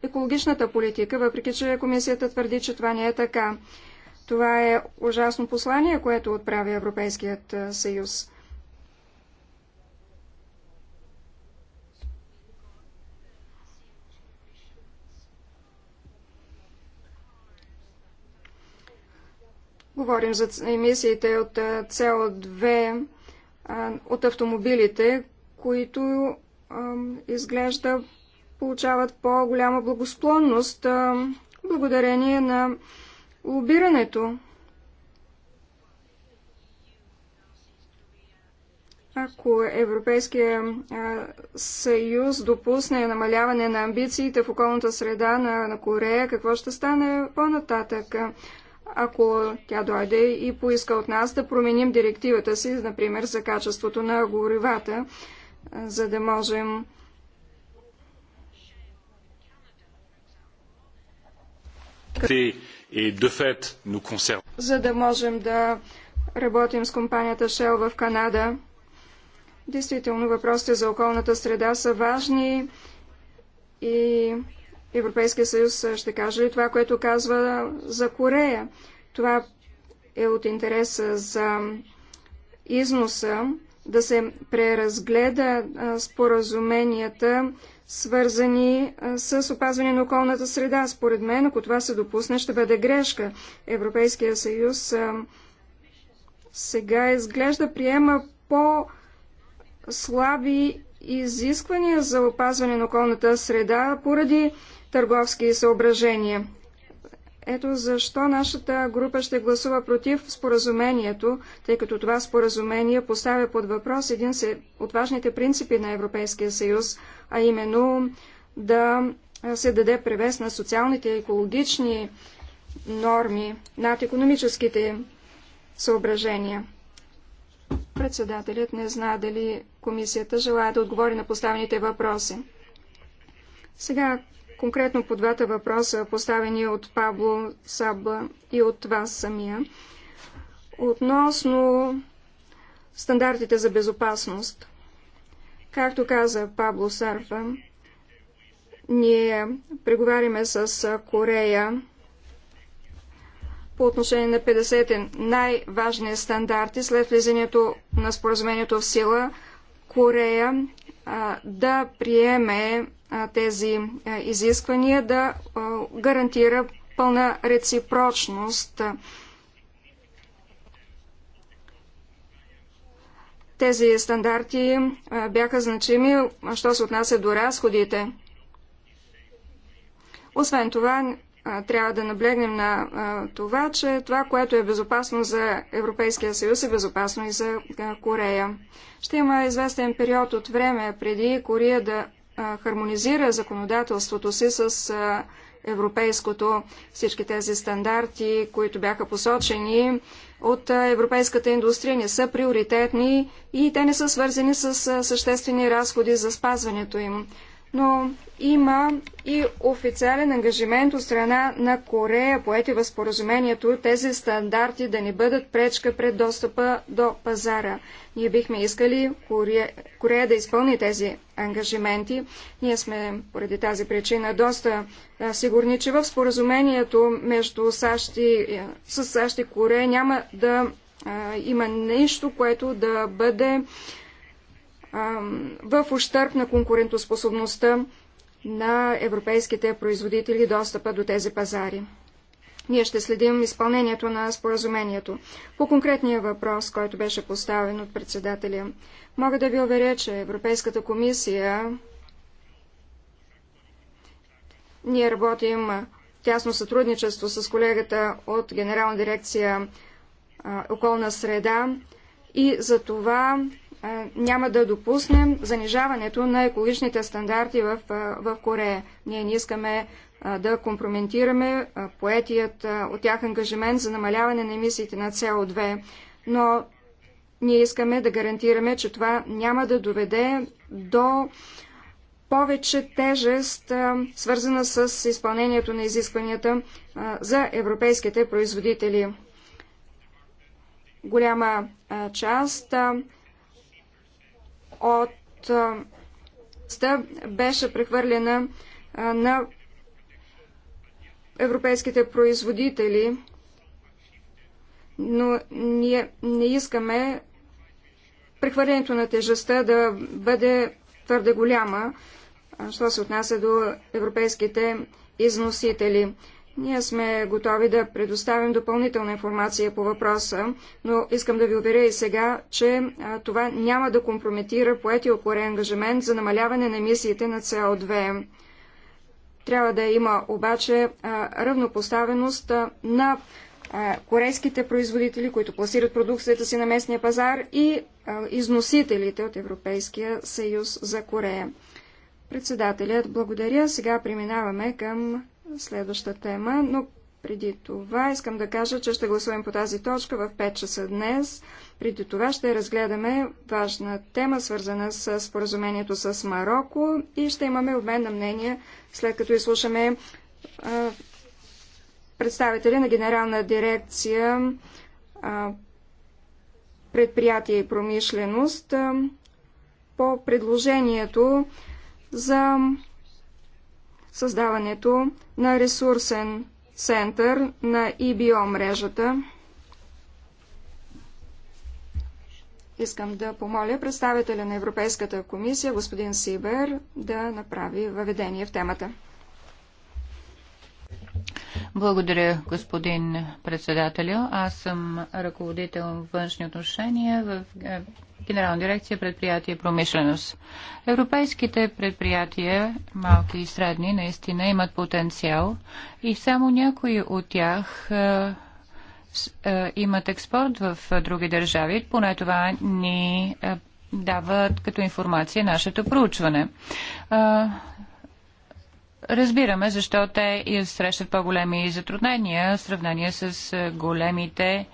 [SPEAKER 1] екологичната политика, въпреки че комисията твърди, че това не е така. Това е ужасно послание, което отправя Европейският съюз. Говорим за емисиите от CO2 от автомобилите, които изглежда получават по-голяма благосклонност благодарение на лобирането. Ако Европейския съюз допусне намаляване на амбициите в околната среда на, на Корея, какво ще стане по-нататък? ако тя дойде и поиска от нас да променим директивата си, например, за качеството на горивата, за да можем за да можем да работим с компанията Shell в Канада. Действително въпросите за околната среда са важни и Европейския съюз ще каже ли това, което казва за Корея? Това е от интереса за износа да се преразгледа споразуменията, свързани с опазване на околната среда. Според мен, ако това се допусне, ще бъде грешка. Европейския съюз сега изглежда приема по слаби изисквания за опазване на околната среда поради търговски съображения. Ето защо нашата група ще гласува против споразумението, тъй като това споразумение поставя под въпрос един от важните принципи на Европейския съюз, а именно да се даде превес на социалните и екологични норми над економическите съображения. Председателят не знае дали комисията желая да отговори на поставените въпроси. Сега конкретно по двата въпроса, поставени от Пабло Саба и от вас самия, относно стандартите за безопасност. Както каза Пабло Сарфа, ние преговаряме с Корея по отношение на 50-те най-важни стандарти след влизането на споразумението в сила, Корея да приеме тези изисквания, да гарантира пълна реципрочност. Тези стандарти бяха значими, що се отнася до разходите. Освен това, трябва да наблегнем на това, че това, което е безопасно за Европейския съюз, е безопасно и за Корея. Ще има известен период от време преди Корея да хармонизира законодателството си с европейското, всички тези стандарти, които бяха посочени от европейската индустрия, не са приоритетни и те не са свързани с съществени разходи за спазването им но има и официален ангажимент от страна на Корея, поети в споразумението, тези стандарти да не бъдат пречка пред достъпа до пазара. Ние бихме искали Корея, Корея да изпълни тези ангажименти. Ние сме поради тази причина доста сигурни, че в споразумението между САЩ и, е, с САЩ и Корея няма да а, има нещо, което да бъде а, в ущърп на конкурентоспособността на европейските производители и достъпа до тези пазари. Ние ще следим изпълнението на споразумението. По конкретния въпрос, който беше поставен от председателя, мога да ви уверя, че Европейската комисия ние работим тясно сътрудничество с колегата от Генерална дирекция околна среда и за това няма да допуснем занижаването на екологичните стандарти в, в Корея. Ние не искаме да компрометираме поетият от тях ангажимент за намаляване на емисиите на СО2, но ние искаме да гарантираме, че това няма да доведе до повече тежест, свързана с изпълнението на изискванията за европейските производители. Голяма част от ста беше прехвърлена на европейските производители, но ние не искаме прехвърлянето на тежестта да бъде твърде голяма, що се отнася до европейските износители. Ние сме готови да предоставим допълнителна информация по въпроса, но искам да ви уверя и сега, че а, това няма да компрометира поети опорен ангажимент за намаляване на емисиите на СО2. Трябва да има обаче а, равнопоставеност а, на корейските производители, които пласират продукцията си на местния пазар и износителите от Европейския съюз за Корея. Председателят, благодаря. Сега преминаваме към следваща тема, но преди това искам да кажа, че ще гласувам по тази точка в 5 часа днес. Преди това ще разгледаме важна тема, свързана с споразумението с Марокко и ще имаме обмен на мнение, след като изслушаме а, представители на Генерална дирекция а, предприятие и промишленост а, по предложението за създаването на ресурсен център на ИБО мрежата. Искам да помоля представителя на Европейската комисия, господин Сибер, да направи въведение в темата.
[SPEAKER 2] Благодаря, господин председателю. Аз съм ръководител външни отношения в Генерална дирекция предприятие и промишленост. Европейските предприятия, малки и средни, наистина имат потенциал и само някои от тях е, е, имат експорт в е, други държави, поне това ни е, като информация нашето проучване. Е, разбираме защо те срещат по-големи затруднения в сравнение с е, големите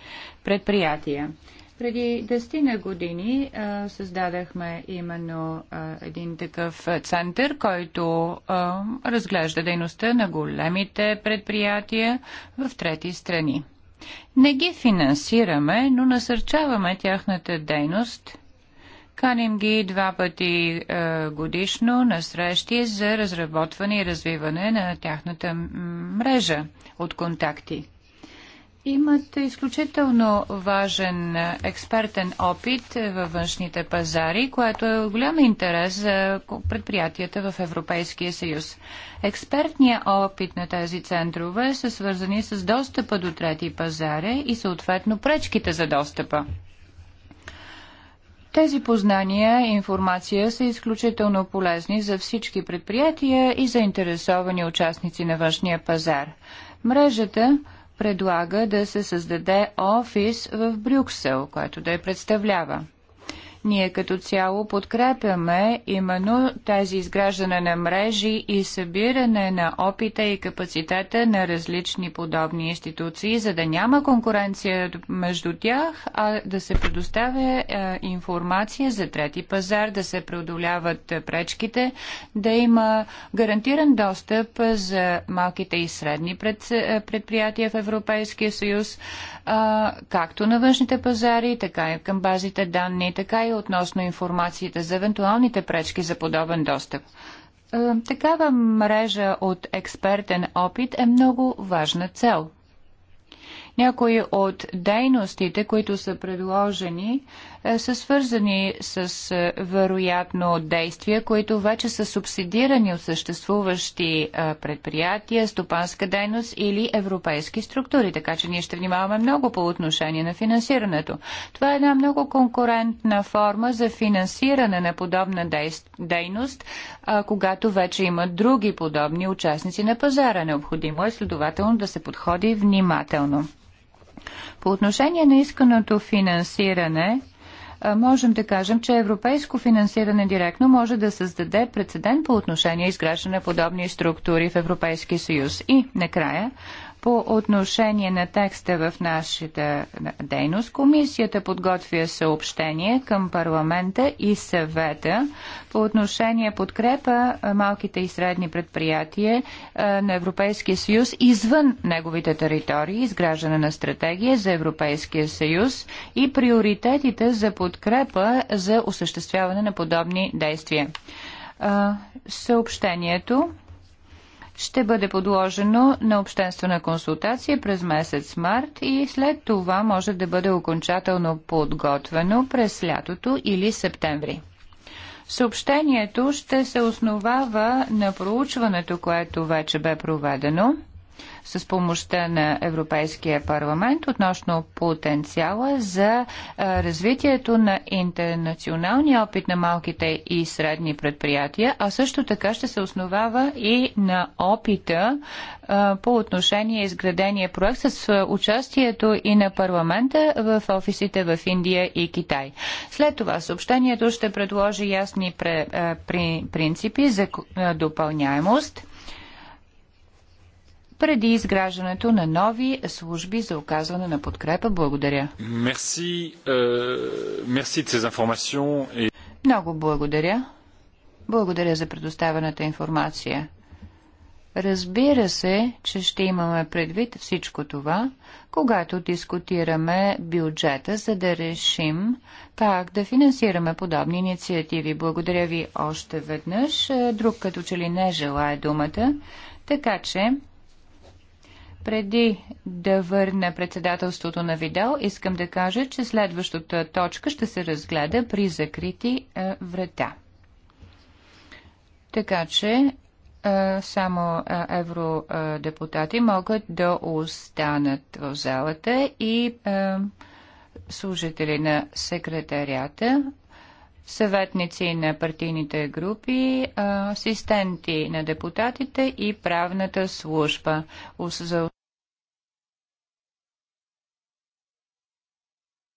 [SPEAKER 2] предприятия. Преди дестина години а, създадахме именно а, един такъв център, който а, разглежда дейността на големите предприятия в трети страни. Не ги финансираме, но насърчаваме тяхната дейност. Каним ги два пъти е, годишно на срещи за разработване и развиване на тяхната мрежа от контакти имат изключително важен е, експертен опит е, във външните пазари, което е голям интерес за предприятията в Европейския съюз. Експертният опит на тези центрове са свързани с достъпа до трети пазари и съответно пречките за достъпа. Тези познания и информация са изключително полезни за всички предприятия и заинтересовани участници на външния пазар. Мрежата предлага да се създаде офис в Брюксел, който да я представлява. Ние като цяло подкрепяме именно тази изграждане на мрежи и събиране на опита и капацитета на различни подобни институции, за да няма конкуренция между тях, а да се предоставя е, информация за трети пазар, да се преодоляват пречките, да има гарантиран достъп за малките и средни е, предприятия в Европейския съюз, е, както на външните пазари, така и към базите данни, така и относно информацията за евентуалните пречки за подобен достъп. Е, такава мрежа от експертен опит е много важна цел. Някои от дейностите, които са предложени, е, са свързани с е, вероятно действия, които вече са субсидирани от съществуващи е, предприятия, стопанска дейност или европейски структури. Така че ние ще внимаваме много по отношение на финансирането. Това е една много конкурентна форма за финансиране на подобна дейност, когато вече има други подобни участници на пазара. Необходимо е следователно да се подходи внимателно. По отношение на исканото финансиране, можем да кажем, че европейско финансиране директно може да създаде прецедент по отношение изграждане на подобни структури в Европейския съюз. И накрая по отношение на текста в нашата дейност, комисията подготвя съобщение към парламента и съвета по отношение подкрепа малките и средни предприятия на Европейския съюз извън неговите територии, изграждане на стратегия за Европейския съюз и приоритетите за подкрепа за осъществяване на подобни действия. Съобщението ще бъде подложено на обществена консултация през месец март и след това може да бъде окончателно подготвено през лятото или септември. Съобщението ще се основава на проучването, което вече бе проведено – с помощта на Европейския парламент относно потенциала за развитието на интернационалния опит на малките и средни предприятия, а също така ще се основава и на опита по отношение изградения проект с участието и на парламента в офисите в Индия и Китай. След това съобщението ще предложи ясни принципи за допълняемост – преди изграждането на нови служби за оказване на подкрепа. Благодаря.
[SPEAKER 3] Мерси, мерси euh, ces
[SPEAKER 2] Много благодаря. Благодаря за предоставената информация. Разбира се, че ще имаме предвид всичко това, когато дискутираме бюджета, за да решим как да финансираме подобни инициативи. Благодаря ви още веднъж. Друг като че ли не желая думата, така че преди да върна председателството на Видал, искам да кажа, че следващата точка ще се разгледа при закрити е, врата. Така че е, само е, евродепутати могат да останат в залата и е, служители на секретарията съветници на партийните групи, асистенти на депутатите и правната служба.